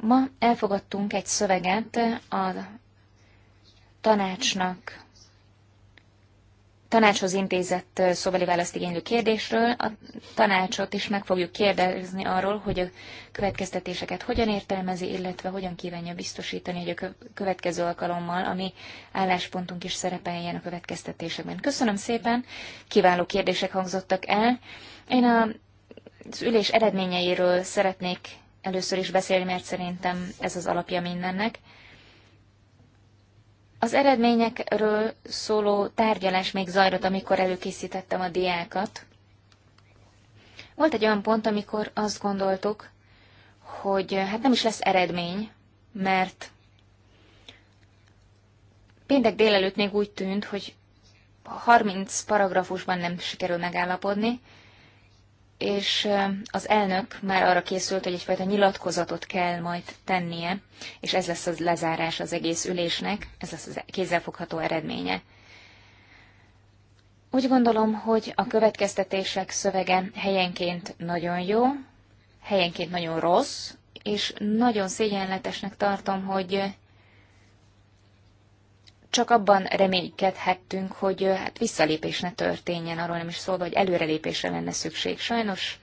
Ma elfogadtunk egy szöveget a tanácsnak, tanácshoz intézett szóbeli választ igénylő kérdésről. A tanácsot is meg fogjuk kérdezni arról, hogy a következtetéseket hogyan értelmezi, illetve hogyan kívánja biztosítani, hogy a következő alkalommal, ami álláspontunk is szerepeljen a következtetésekben. Köszönöm szépen, kiváló kérdések hangzottak el. Én a az ülés eredményeiről szeretnék először is beszélni, mert szerintem ez az alapja mindennek. Az eredményekről szóló tárgyalás még zajlott, amikor előkészítettem a diákat. Volt egy olyan pont, amikor azt gondoltuk, hogy hát nem is lesz eredmény, mert péntek délelőtt még úgy tűnt, hogy 30 paragrafusban nem sikerül megállapodni, és az elnök már arra készült, hogy egyfajta nyilatkozatot kell majd tennie, és ez lesz az lezárás az egész ülésnek, ez lesz az kézzelfogható eredménye. Úgy gondolom, hogy a következtetések szövege helyenként nagyon jó, helyenként nagyon rossz, és nagyon szégyenletesnek tartom, hogy csak abban reménykedhettünk, hogy hát visszalépés ne történjen, arról nem is szólva, hogy előrelépésre lenne szükség. Sajnos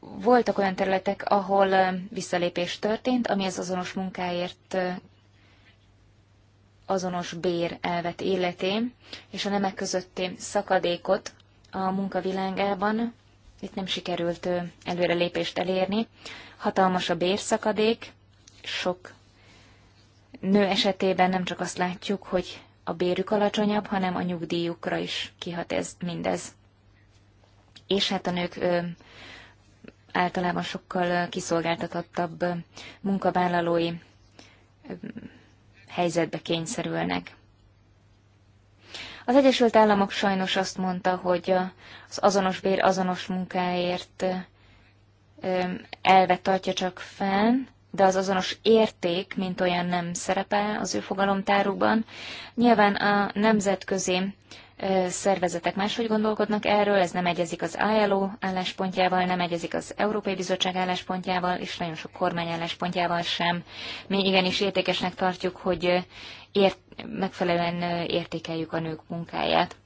voltak olyan területek, ahol visszalépés történt, ami az azonos munkáért azonos bér elvet életé, és a nemek közötti szakadékot a munkavilágában itt nem sikerült előrelépést elérni. Hatalmas a bérszakadék, sok nő esetében nem csak azt látjuk, hogy a bérük alacsonyabb, hanem a nyugdíjukra is kihat ez mindez. És hát a nők ö, általában sokkal kiszolgáltatottabb munkavállalói ö, helyzetbe kényszerülnek. Az Egyesült Államok sajnos azt mondta, hogy az azonos bér azonos munkáért elvet tartja csak fenn, de az azonos érték, mint olyan nem szerepel az ő fogalomtárukban. Nyilván a nemzetközi szervezetek máshogy gondolkodnak erről, ez nem egyezik az ILO álláspontjával, nem egyezik az Európai Bizottság álláspontjával, és nagyon sok kormány álláspontjával sem. Mi igenis értékesnek tartjuk, hogy ért, megfelelően értékeljük a nők munkáját.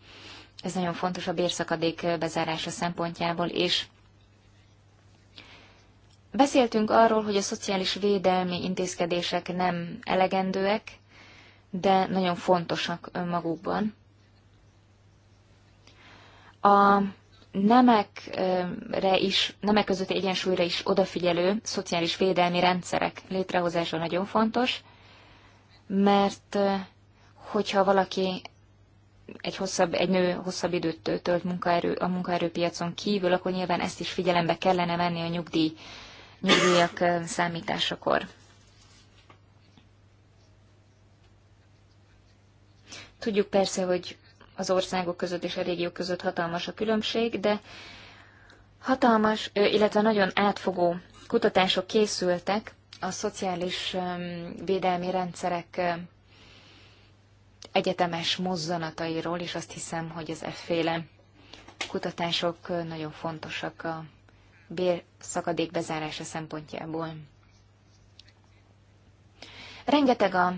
Ez nagyon fontos a bérszakadék bezárása szempontjából is. Beszéltünk arról, hogy a szociális védelmi intézkedések nem elegendőek, de nagyon fontosak önmagukban. A nemekre is, nemek közötti egyensúlyra is odafigyelő szociális védelmi rendszerek létrehozása nagyon fontos, mert hogyha valaki egy hosszabb, egy nő hosszabb időt tölt munkaerő, a munkaerőpiacon kívül, akkor nyilván ezt is figyelembe kellene venni a nyugdíj nyugdíjak számításakor. Tudjuk persze, hogy az országok között és a régiók között hatalmas a különbség, de hatalmas, illetve nagyon átfogó kutatások készültek a szociális védelmi rendszerek egyetemes mozzanatairól, és azt hiszem, hogy ez efféle kutatások nagyon fontosak a bérszakadék bezárása szempontjából. Rengeteg a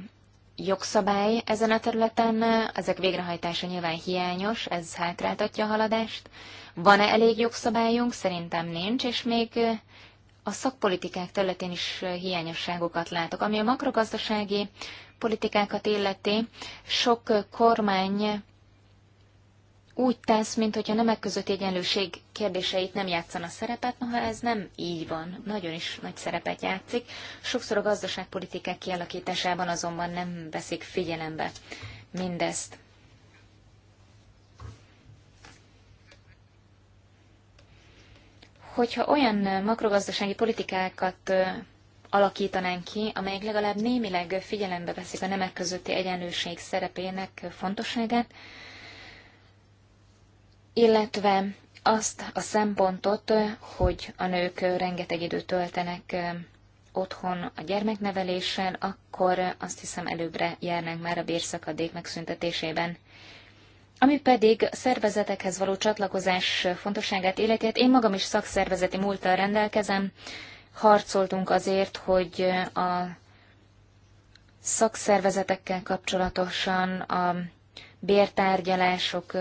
jogszabály ezen a területen, ezek végrehajtása nyilván hiányos, ez hátráltatja a haladást. Van-e elég jogszabályunk? Szerintem nincs, és még a szakpolitikák területén is hiányosságokat látok. Ami a makrogazdasági politikákat illeti, sok kormány úgy tesz, mintha nemek közötti egyenlőség kérdéseit nem játszana szerepet, noha ez nem így van, nagyon is nagy szerepet játszik. Sokszor a gazdaságpolitikák kialakításában azonban nem veszik figyelembe mindezt. Hogyha olyan makrogazdasági politikákat alakítanánk ki, amelyek legalább némileg figyelembe veszik a nemek közötti egyenlőség szerepének fontosságát, illetve azt a szempontot, hogy a nők rengeteg időt töltenek otthon a gyermekneveléssel, akkor azt hiszem előbbre járnánk már a bérszakadék megszüntetésében. Ami pedig szervezetekhez való csatlakozás fontosságát életét, hát én magam is szakszervezeti múlttal rendelkezem, harcoltunk azért, hogy a szakszervezetekkel kapcsolatosan a bértárgyalások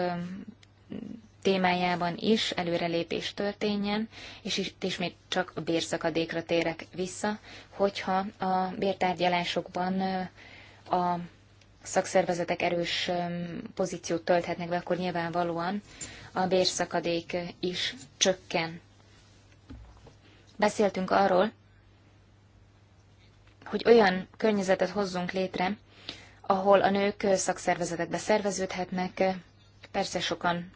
témájában is előrelépés történjen, és itt ismét csak a bérszakadékra térek vissza, hogyha a bértárgyalásokban a szakszervezetek erős pozíciót tölthetnek be, akkor nyilvánvalóan a bérszakadék is csökken. Beszéltünk arról, hogy olyan környezetet hozzunk létre, ahol a nők szakszervezetekbe szerveződhetnek, persze sokan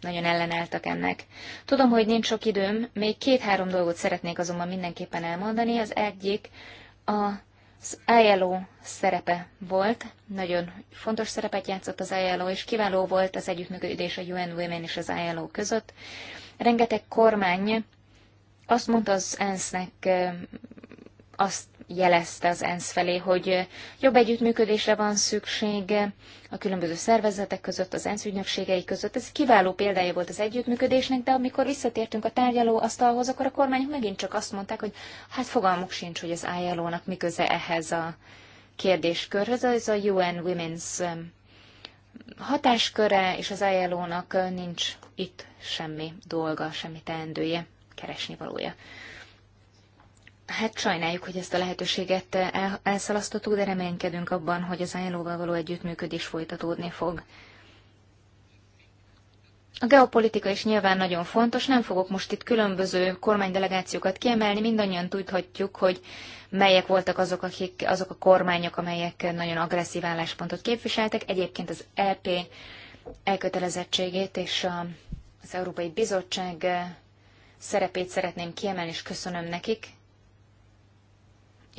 nagyon ellenálltak ennek. Tudom, hogy nincs sok időm, még két-három dolgot szeretnék azonban mindenképpen elmondani. Az egyik az ILO szerepe volt, nagyon fontos szerepet játszott az ILO, és kiváló volt az együttműködés a UN Women és az ILO között. Rengeteg kormány azt mondta az ENSZ-nek, azt jelezte az ENSZ felé, hogy jobb együttműködésre van szükség a különböző szervezetek között, az ENSZ ügynökségei között. Ez kiváló példája volt az együttműködésnek, de amikor visszatértünk a asztalhoz akkor a kormányok megint csak azt mondták, hogy hát fogalmuk sincs, hogy az ILO-nak miköze köze ehhez a kérdéskörhöz. Ez a UN Women's um, hatásköre, és az ILO-nak uh, nincs itt semmi dolga, semmi teendője, keresni valója. Hát sajnáljuk, hogy ezt a lehetőséget eh, el, elszalasztottuk, de reménykedünk abban, hogy az ILO-val való együttműködés folytatódni fog. A geopolitika is nyilván nagyon fontos, nem fogok most itt különböző kormánydelegációkat kiemelni, mindannyian tudhatjuk, hogy melyek voltak azok, akik, azok a kormányok, amelyek nagyon agresszív álláspontot képviseltek. Egyébként az EP elkötelezettségét és a, az Európai Bizottság eh, szerepét szeretném kiemelni, és köszönöm nekik,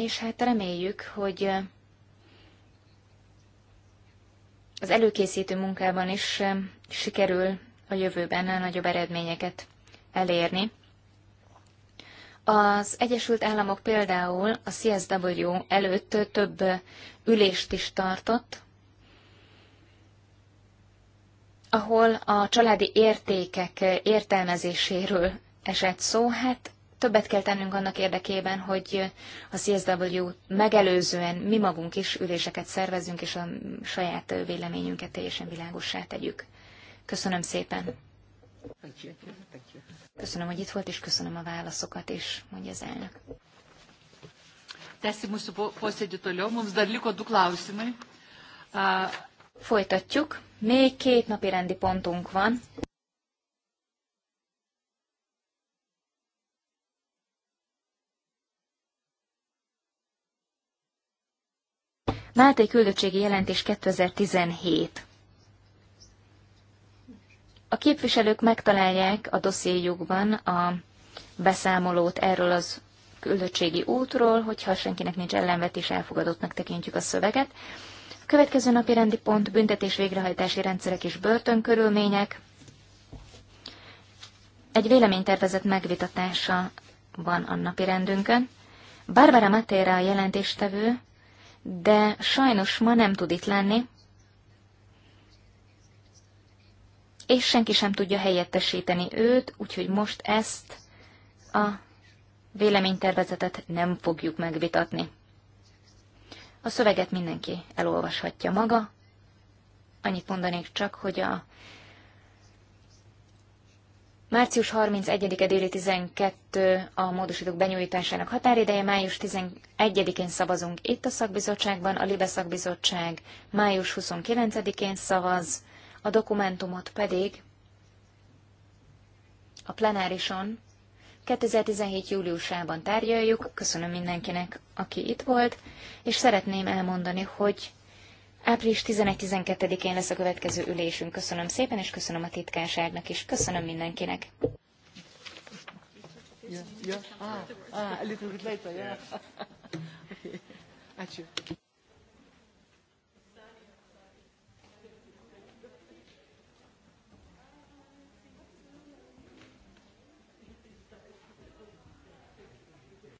és hát reméljük, hogy az előkészítő munkában is sikerül a jövőben a nagyobb eredményeket elérni. Az Egyesült Államok például a CSW előtt több ülést is tartott, ahol a családi értékek értelmezéséről esett szó, hát többet kell tennünk annak érdekében, hogy a CSW megelőzően mi magunk is üléseket szervezünk és a saját véleményünket teljesen világossá tegyük. Köszönöm szépen! Köszönöm, hogy itt volt, és köszönöm a válaszokat is, mondja az elnök. Folytatjuk. Még két napi rendi pontunk van. Máltai küldöttségi jelentés 2017. A képviselők megtalálják a dossziéjukban a beszámolót erről az küldöttségi útról, hogyha senkinek nincs ellenvetés, elfogadottnak tekintjük a szöveget. A következő napi rendi pont büntetés végrehajtási rendszerek és börtönkörülmények. Egy véleménytervezet megvitatása van a napi rendünkön. Barbara Matera a jelentéstevő, de sajnos ma nem tud itt lenni, és senki sem tudja helyettesíteni őt, úgyhogy most ezt a véleménytervezetet nem fogjuk megvitatni. A szöveget mindenki elolvashatja maga. Annyit mondanék csak, hogy a Március 31-e déli 12 a módosítók benyújtásának határideje, május 11-én szavazunk itt a szakbizottságban, a Libe szakbizottság május 29-én szavaz, a dokumentumot pedig a plenárison 2017. júliusában tárgyaljuk. Köszönöm mindenkinek, aki itt volt, és szeretném elmondani, hogy Április 11-12-én lesz a következő ülésünk. Köszönöm szépen, és köszönöm a titkárságnak is. Köszönöm mindenkinek. Yeah, yeah. Ah, ah, a little bit later, yeah. yeah. okay.